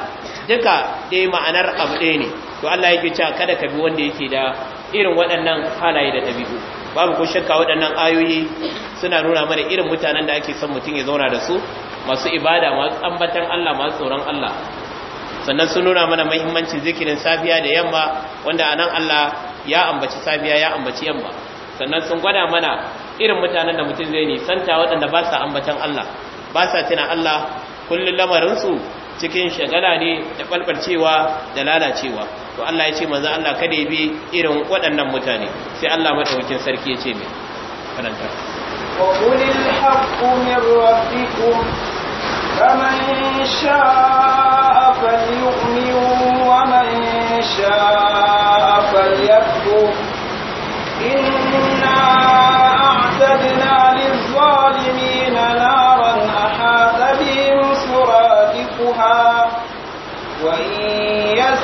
duka dai ma'anar abu ɗaya ne to Allah ya cewa kada ka bi wanda yake da irin waɗannan halaye da ɗabi'u babu ko shakka waɗannan ayoyi suna nuna mana irin mutanen da ake son mutum ya zauna da su masu ibada masu ambatan Allah masu tsoron Allah sannan sun nuna mana muhimmancin zikirin safiya da yamma wanda anan Allah ya ambaci safiya ya ambaci yamma sannan sun gwada mana irin mutanen da mutum zai nisanta waɗanda ba sa ambatan Allah ba sa tuna Allah kullun lamarinsu cikin shagala ne da falfalcewa da lalacewa to Allah ya ce manzan Allah kada ya bi irin waɗannan mutane sai Allah madaukakin sarki ya ce mai karanta وقل إنا أعتدنا للظالمين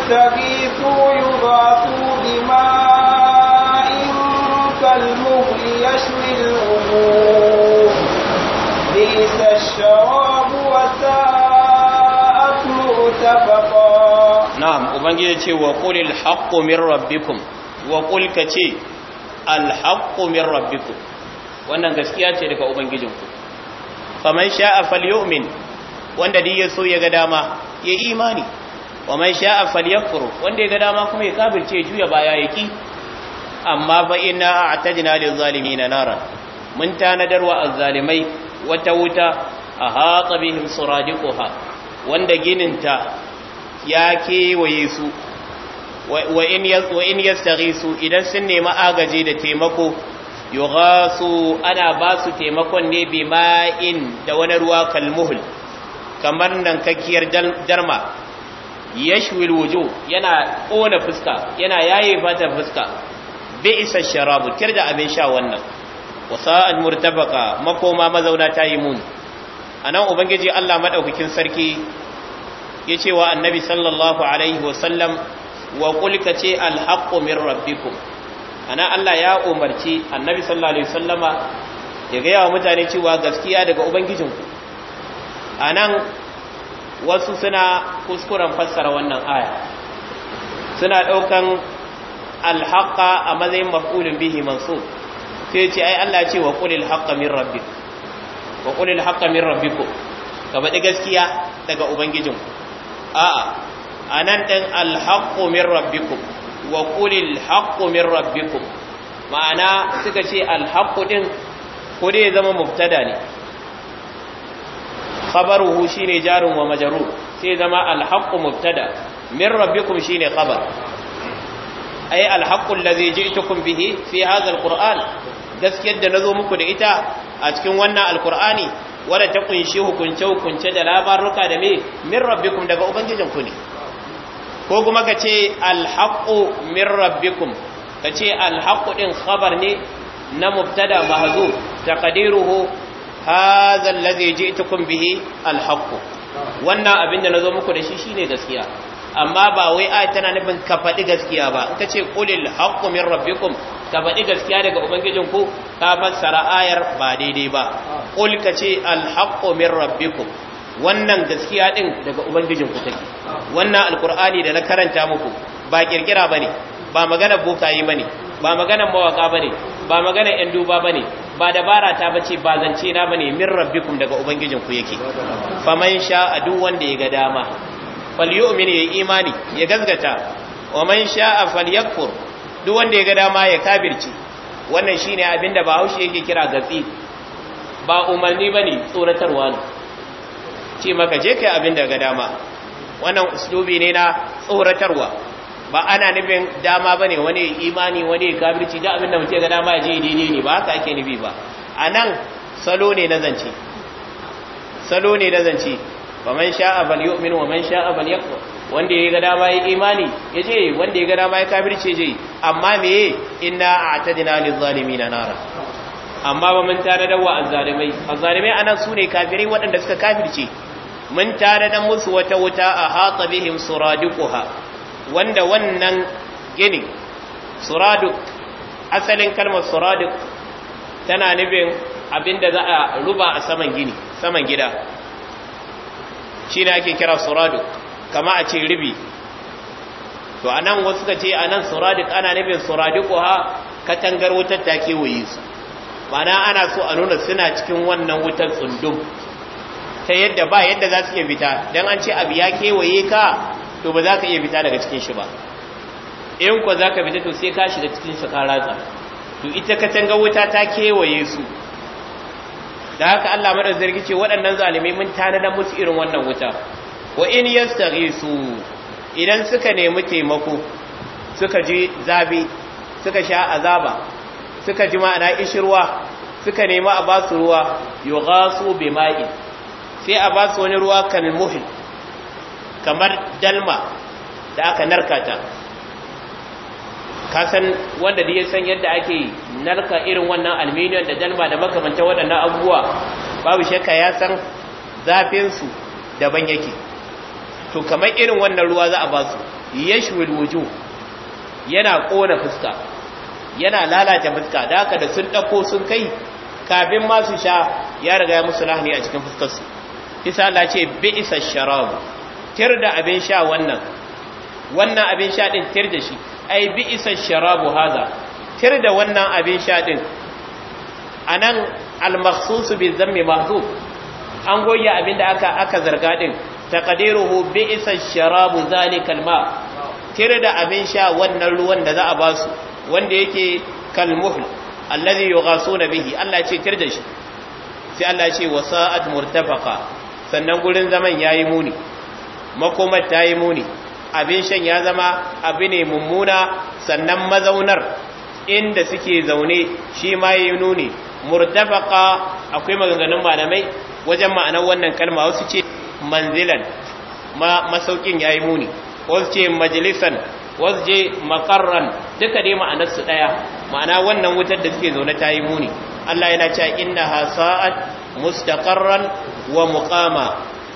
يستغيثوا يغاثوا بماء كالمهل يشوي الوجوه بئس الشراب وساءت مرتفقا نعم وبنجي ce wa qul al min rabbikum wa qul wannan gaskiya ce daga ubangijinku faman sha'a falyomin wanda ya so ya ga dama ya imani wa man sha'a falyakfur wanda ya ga dama kuma ya kafirce juya baya yaki amma fa inna a'tadna lil na nara mun wa azzalimai wata wuta ahata bihim suradiquha wanda gininta ya kewaye su wa in su, idan sun nemi agaji da taimako su ana ba su taimakon ne bima'in da wani ruwa kalmuhul kamar nan kakkiyar Jarma? yashwil wujuh yana kona fuska yana yaye fata fuska bi'sa sharab kirda abin sha wannan wasa'al murtabaka makoma mazauna ta yi mun anan ubangiji Allah madaukakin sarki yace wa annabi sallallahu alaihi wasallam wa qul kace alhaqqu min rabbikum ana Allah ya umarci annabi sallallahu alaihi wasallama ya ga wa mutane cewa gaskiya daga ubangijinku anan wasu suna kuskuren fassara wannan aya suna ɗaukan alhaƙa a mazayin maf'ulun bihi mansub sai ce ai Allah ce wa qulil haqqu min rabbik wa qulil haqqu min rabbikum ka faɗi gaskiya daga ubangijin a a'a anan din alhaqqu min rabbikum wa qulil haqqu min rabbikum ma'ana suka ce alhaqqu din ko dai zama mubtada ne khabaruhu shine jarun wa majrur sai zama alhaqqu mubtada min rabbikum shine khabar ay alhaqqu allazi ji'tukum bihi fi hadha alquran gaskiyar da nazo muku da ita a cikin wannan alqurani wadda ta kunshi hukunce hukunce da labaruka da me min rabbikum daga ubangijinku ne ko kuma ka ce alhaqqu min rabbikum ka ce alhaqqu din khabar ne na mubtada mahzuf taqdiruhu hadha allazi ji'tukum bihi alhaq wannan abin da nazo muku da shi shine gaskiya amma ba wai ai tana nufin ka faɗi gaskiya ba in ka ce qulil haqqu min rabbikum ka faɗi gaskiya daga ubangijin ku ka fassara ayar ba daidai ba qul ka ce al haqqu min rabbikum wannan gaskiya din daga ubangijin ku take wannan alqur'ani da na karanta muku ba kirkira bane ba magana bokayi bane ba magana mawaka bane ba magana yan duba bane ba dabara ta bace ba zance na bane min rabbikum daga ubangijin ku yake faman sha duk wanda ya ga dama falyu'min ya imani ya gazgata wa man fal yakfur duk wanda ya ga dama ya kafirce wannan shine abinda ba haushi yake kira gatsi ba umarni bane tsoratarwa ne ce maka je kai abinda ga dama wannan uslubi ne na tsoratarwa ba ana nufin dama bane wani imani wani kafirci da abinda muke ga dama ya je daidai ne ba haka ake nufi ba anan salo ne na zance salo ne na zance fa man sha'a bal yu'min wa man sha'a bal yakfur wanda ya ga dama ya imani ya je wanda ya ga dama ya kafirce je amma me inna a'tadina lil na nara amma ba mun tare da wa azzalimai azzalimai anan sune kafirai waɗanda suka kafirce mun tare da musu wata wuta a hata bihim suradiquha wanda wannan gini, suraduk asalin kalmar suraduk tana nufin abinda za a ruba a saman gini saman gida shi ne ake kira suraduk kama a ce ribi to anan wasu ka ce anan suraduk ana nufin suraduku ha katangar wutar ta kewaye su ma'ana ana so a nuna suna cikin wannan wutar tsundum ta yadda ba yadda za su ke fita don an ce abu ya kewaye ka to ba za ka iya fita daga cikin shi ba in ko za ka fita to sai ka shiga cikin shi ka ratsa to ita katanga wuta ta kewaye su da haka Allah madar zargi ce waɗannan zalimai mun tanada musu irin wannan wuta wa in yastaghisu idan suka nemi taimako suka ji zabi suka sha azaba suka ji ma'ana ishirwa suka nemi a basu ruwa yughasu bima'i sai a basu wani ruwa kan muhil kamar dalma da aka narkata kasan wanda da ya san yadda ake narka irin wannan alminiyon da dalma da makamanta waɗannan abubuwa babu shekka ya san zafinsu daban yake to kamar irin wannan ruwa za a ba su yashwil wujuh yana ƙona fuska yana lalata fuska da haka da sun ɗauko sun kai kafin masu sha ya riga ya musu lahani a cikin fuskarsu isa Allah ce bi isa sharabu tir da abin sha wannan wannan abin sha din tir da shi ai bi isa sharabu haza tir da wannan abin sha din anan al-makhsus bi zammi mahzuf an goyi abin da aka aka zarga din taqdiruhu bi isa sharabu zalika al-ma tir da abin sha wannan ruwan da za a basu wanda yake kalmuhl allazi yughasuna bihi Allah ce tir da shi sai Allah ce wasa'at murtafaqa sannan gurin zaman yayi muni makomar ta yi muni abin shan ya zama abu ne mummuna sannan mazaunar inda suke zaune shi ma yi nuni murtafaka akwai maganganun malamai wajen ma'anar wannan kalma wasu ce manzilan ma masaukin ya yi muni wasu ce majalisan wasu ce makarran duka dai su ɗaya ma'ana wannan wutar da suke zaune ta yi muni Allah yana cewa inna hasa'at mustaqarran wa muqama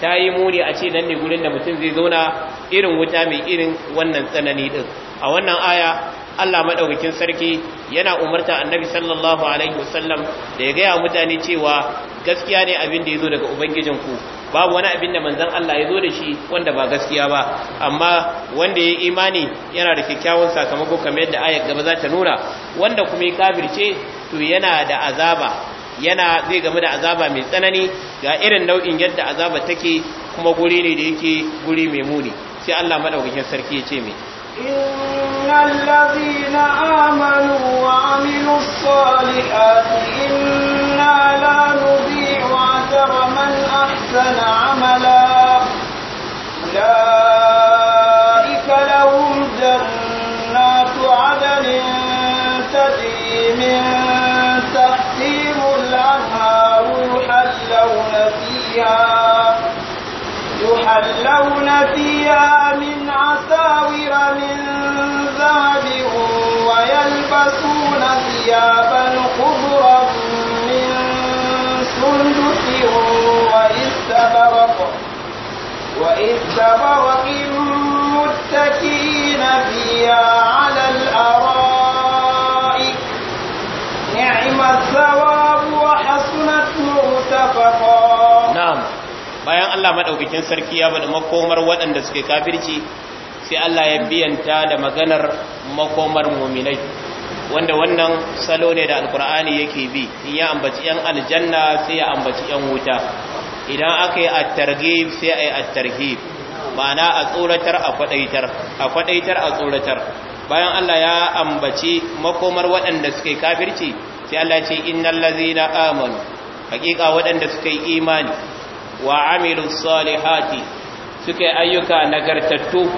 ta yi muni a ce nan ne gurin da mutum zai zauna irin wuta mai irin wannan tsanani din a wannan aya Allah madaukakin sarki yana umarta annabi sallallahu alaihi wasallam da ya gaya mutane cewa gaskiya ne abin da ya zo daga ubangijinku babu wani abin da manzon Allah ya zo da shi wanda ba gaskiya ba amma wanda ya imani yana da kyakkyawan sakamako kamar yadda ayar gaba za ta nuna wanda kuma ya kafirce to yana da azaba yana zai game da azaba mai tsanani ga irin nau'in yadda azaba take kuma guri ne da yake guri mai muni sai Allah madaukakin sarki ya ce mai innal ladina amanu wa amilus salihati inna la nudhi'u ajra man ahsana amala فيها يحلون فيها من عساور من ذهب ويلبسون ثيابا خضرا من سندس واستبرق واستبرق متكئين فيها على الارائك نعم الثواب bayan Allah madaukakin sarki ya bada makomar waɗanda suke kafirci sai Allah ya biyanta da maganar makomar muminai wanda wannan salo ne da alkur'ani yake bi in ya ambaci yan aljanna sai ya ambaci yan wuta idan aka yi at-targhib sai ayi at-tarhib ma'ana a tsoratar a kwadaitar a kwadaitar a tsoratar bayan Allah ya ambaci makomar waɗanda suke kafirci sai Allah ya ce innal ladzina amanu hakika waɗanda suke imani wa amilu salihati suka ayyuka nagartattu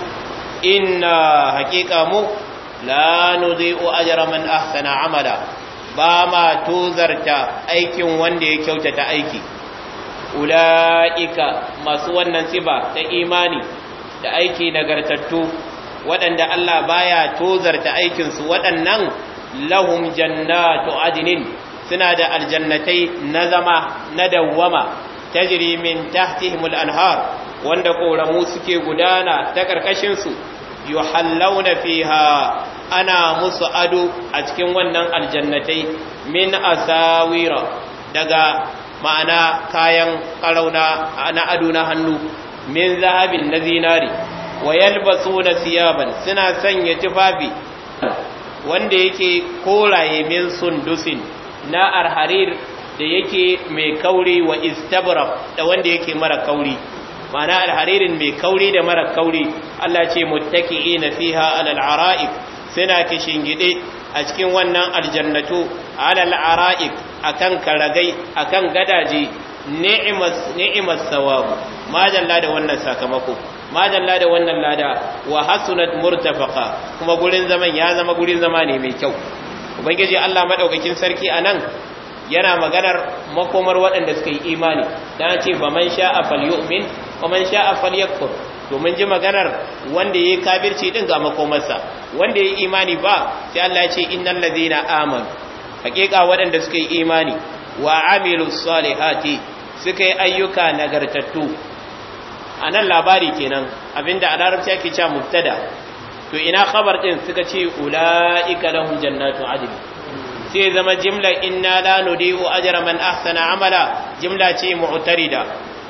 inna haƙiƙa mu la nudhi'u ajra ahsana amala ba ma tuzarta aikin wanda ya kyautata aiki ula'ika masu wannan siba ta imani da aiki nagartattu waɗanda Allah baya aikin aikinsu waɗannan lahum jannatu adinin suna da aljannatai na zama na dawwama tajri min tahtihimul anhar wanda koramu suke gudana ta karkashin su yuhallawna fiha ana musu ado a cikin wannan aljannatai min asawira daga ma'ana kayan karauna na ado na hannu min zahabin na zinari wa yalbasuna siyaban suna sanya tufafi wanda yake koraye min sundusin na arharir da yake mai kauri wa istabrak da wanda yake mara kauri ma'ana alharirin mai kauri da mara kauri Allah ce muttaki'ina fiha alal ara'ik suna kishingide a cikin wannan aljannatu alal ara'ik akan karagai akan gadaje ni'imas ni'imas ma jalla da wannan sakamako jalla da wannan lada wa hasunat murtafaqa kuma gurin zaman ya zama gurin zama ne mai kyau ubangiji Allah madaukakin sarki anan yana maganar makomar waɗanda suka yi imani dan ce ba man sha'a falyu'min ba man sha'a to mun ji maganar wanda ya yi kabirci ɗin ga makomarsa wanda ya yi imani ba sai Allah ya ce innal ladina amanu hakika waɗanda suka yi imani wa amilu salihati suka yi ayyuka nagartattu A nan labari kenan abinda a larabci ake cewa mubtada to ina khabar ɗin suka ce ulaika lahum jannatu adli sai zama jimla inna la nudiu ajra man ahsana amala jimla ce mu'tarida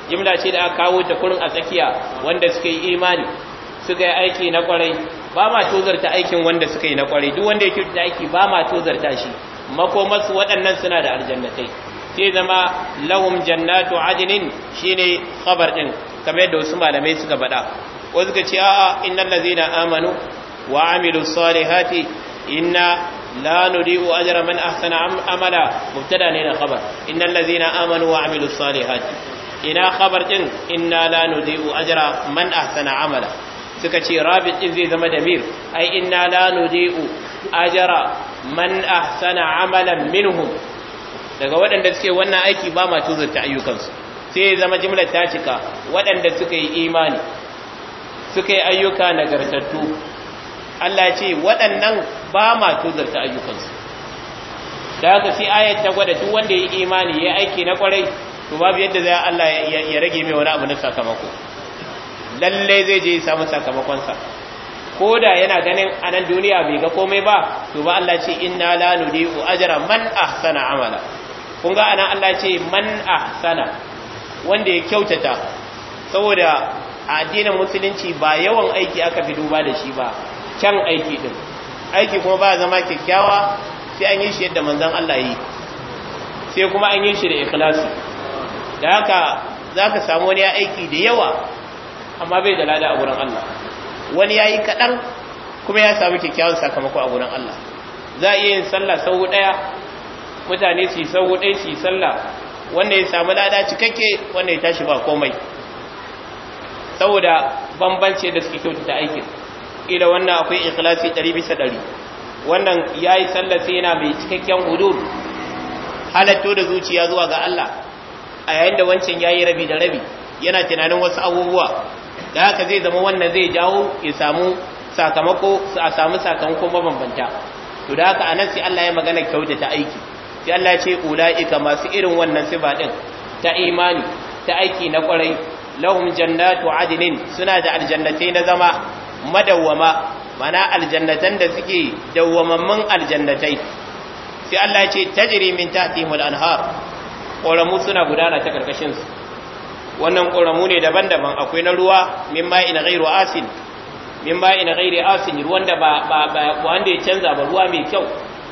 jimla ce da aka kawo ta kurin a tsakiya wanda suka yi imani suka yi aiki na kwarai ba ma tozarta aikin wanda suka yi na kwarai duk wanda ya da aiki ba ma tozarta shi makomarsu waɗannan suna da aljannatai sai zama lahum jannatu adnin shine khabar din kamar yadda wasu malamai suka faɗa wasu ka ce a'a innal ladzina amanu wa amilus salihati inna la nudi'u ajra man ahsana amala mubtada ne na khabar amanu wa amilus salihati ina khabar din inna la nudi'u ajra man ahsana amala suka ce rabit din zai zama damir ai inna la nudi'u ajra man daga waɗanda suke wannan aiki ba ma tuzurta ayyukansu sai zama jimlar ta cika waɗanda suka yi imani suka yi ayyuka nagartattu Allah ce waɗannan ba ma tozarta ayyukansu da haka sai ayat ta gwada duk wanda ya imani ya aiki na kwarai to babu yadda zai Allah ya rage mai wani abu na sakamako lalle zai je ya samu sakamakonsa ko da yana ganin a nan duniya bai ga komai ba to ba Allah ce inna la nudiu ajra man ahsana amala kun ga anan Allah ce man ahsana wanda ya kyautata saboda addinin musulunci ba yawan aiki aka fi duba da shi ba kyan aiki din aiki kuma ba zama kyakkyawa sai an yi shi yadda manzon Allah yi sai kuma an yi shi da ikhlasi da haka zaka samu wani ya aiki da yawa amma bai da lada a gurin Allah wani yayi kaɗan kuma ya samu kyakkyawan sakamako a gurin Allah za a iya yin sallah sau daya mutane su yi sau daya su yi sallah wanda ya samu lada cikakke wanda ya tashi ba komai saboda bambance da suke kyautata aikin kila wannan akwai ikhlasi 100 bisa 100 wannan yayi sallar sai yana mai cikakken hudud halatto da zuciya zuwa ga Allah a yayin da wancan yayi rabi da rabi yana tunanin wasu abubuwa da haka zai zama wannan zai jawo ya samu sakamako a samu sakamako mabambanta to da haka anan sai Allah ya magana kyautata aiki sai Allah ya ce ulaika masu irin wannan sifa din ta imani ta aiki na kwarai lahum jannatu adnin suna da aljannatai na zama madawwama mana aljannatan da suke dawwamammun aljannatai sai Allah ya ce tajri min tahtihul anhar ƙoramu suna gudana ta karkashin su wannan ƙoramu ne daban-daban akwai na ruwa min ma ina ghairu asin min ina asin ruwan da ba ba wanda ya canza ba ruwa mai kyau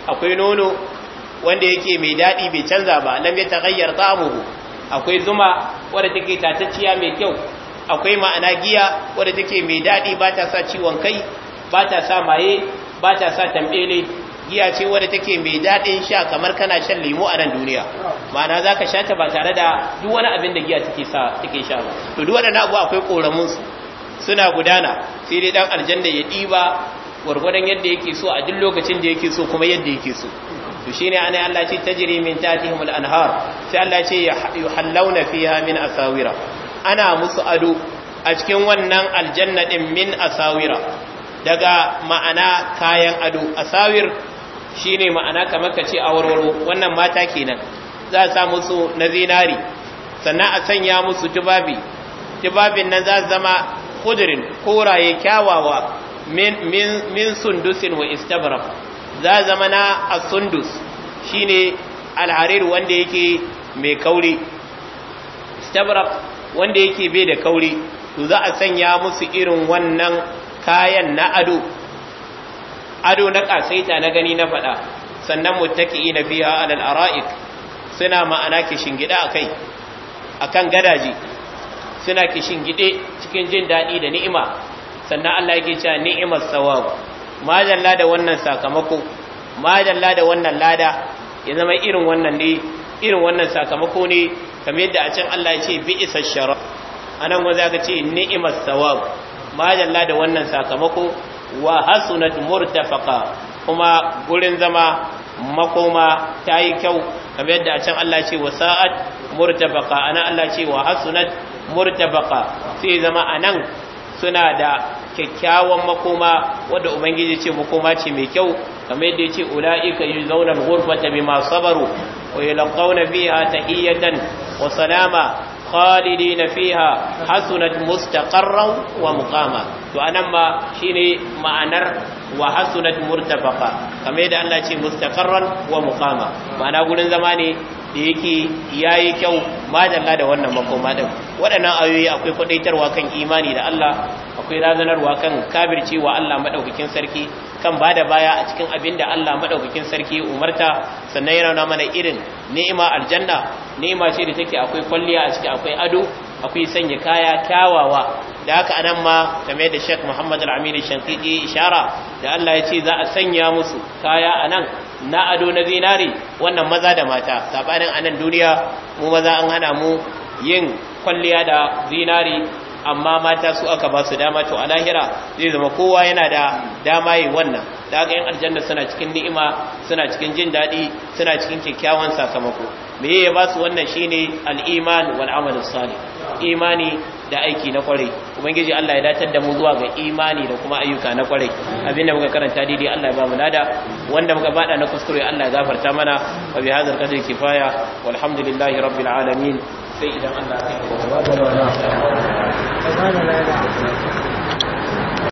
akwai nono wanda yake mai daɗi bai canza ba lam ya taghayyar ta'amuhu akwai zuma wadda take tatacciya mai kyau akwai ma'ana giya wadda take mai daɗi ba ta sa ciwon kai ba ta sa maye ba ta sa tambele giya ce wadda take mai daɗin sha kamar kana shan lemo a nan duniya ma'ana za ka sha ta ba tare da duk wani abin da giya take sa sha ba to duk waɗannan abu akwai su suna gudana sai dai ɗan aljanna ya ɗiba gurgurdan yadda yake so a duk lokacin da yake so kuma yadda yake so to shine anai Allah ce tajri min tatihimul anhar sai Allah ce yuhallawna fiha min asawira ana musu ado a cikin wannan aljanna din min asawira daga ma'ana kayan ado asawir shine ma'ana kamar ka ce awarwaro wannan mata kenan za a sa musu na zinari sannan a sanya musu tubabi tubabin nan za zama kudirin koraye kyawawa min min min sundusin wa istabra, za zama na asundus shine alharir wanda yake mai kauri istabra wanda yake bai da kauri to za a sanya musu irin wannan kayan na ado ado na kasaita na gani na faɗa sannan muttaki na biya alal ara'ik suna ma'ana kishin gida akai akan gadaji suna kishin gide cikin jin daɗi da ni'ima sannan Allah yake cewa ni'imar sawab majalla da wannan sakamako majalla da wannan lada ya zama irin wannan ne irin wannan sakamako ne kamar yadda a can Allah ya ce bi isa shara nan wanzu aka ce ni'imar sawab majalla da wannan sakamako wa hasunat murtafaka kuma gurin zama makoma ta yi kyau kamar yadda a can Allah ce wa sa'ad a nan Allah ce wa hasunat su sai zama a nan suna da kyakkyawan makoma wadda ubangiji ce makoma ce mai kyau kamar yadda ya yace ulaika yuzawna gurfata ghurfata bima sabaru ويلقون فيها تحية وسلاما خالدين فيها حسنت مستقرا ومقاما وأنما شيني معنر وحسنت مرتفقا كما يدعى الله شيء مستقرا ومقاما معنى أقول زماني da yake ya yi kyau ma da wannan makoma din waɗannan ayoyi akwai kwadaitarwa kan imani da Allah akwai razanarwa kan kabircewa Allah madaukakin sarki kan bada baya a cikin abin da Allah madaukakin sarki umarta sannan yana mana irin ni'ima aljanna ni'ima ce da take akwai kwalliya a ciki akwai ado akwai sanya kaya kyawawa da haka anan ma kamar da Sheikh Muhammad Al-Amin Shankiji ishara da Allah ya ce za a sanya musu kaya anan na ado na zinari wannan maza da mata sabanin anan duniya mu maza an hana mu yin kwalliya da zinari amma mata su aka ba su dama to a lahira zai zama kowa yana da dama yi wannan da aka yin aljanna suna cikin ni'ima suna cikin jin daɗi suna cikin kyakkyawan sakamako me ya ba su wannan shine al-iman wal amal salih imani da aiki na kwarai ubangiji Allah ya datar da mu zuwa ga imani da kuma ayyuka na kwarai abinda muka karanta daidai Allah ya ba mu lada wanda muka bada na kuskure Allah ya gafarta mana wa bi hadzal qadri kifaya walhamdulillahi rabbil alamin sai idan Allah ya kai 我慢点来着。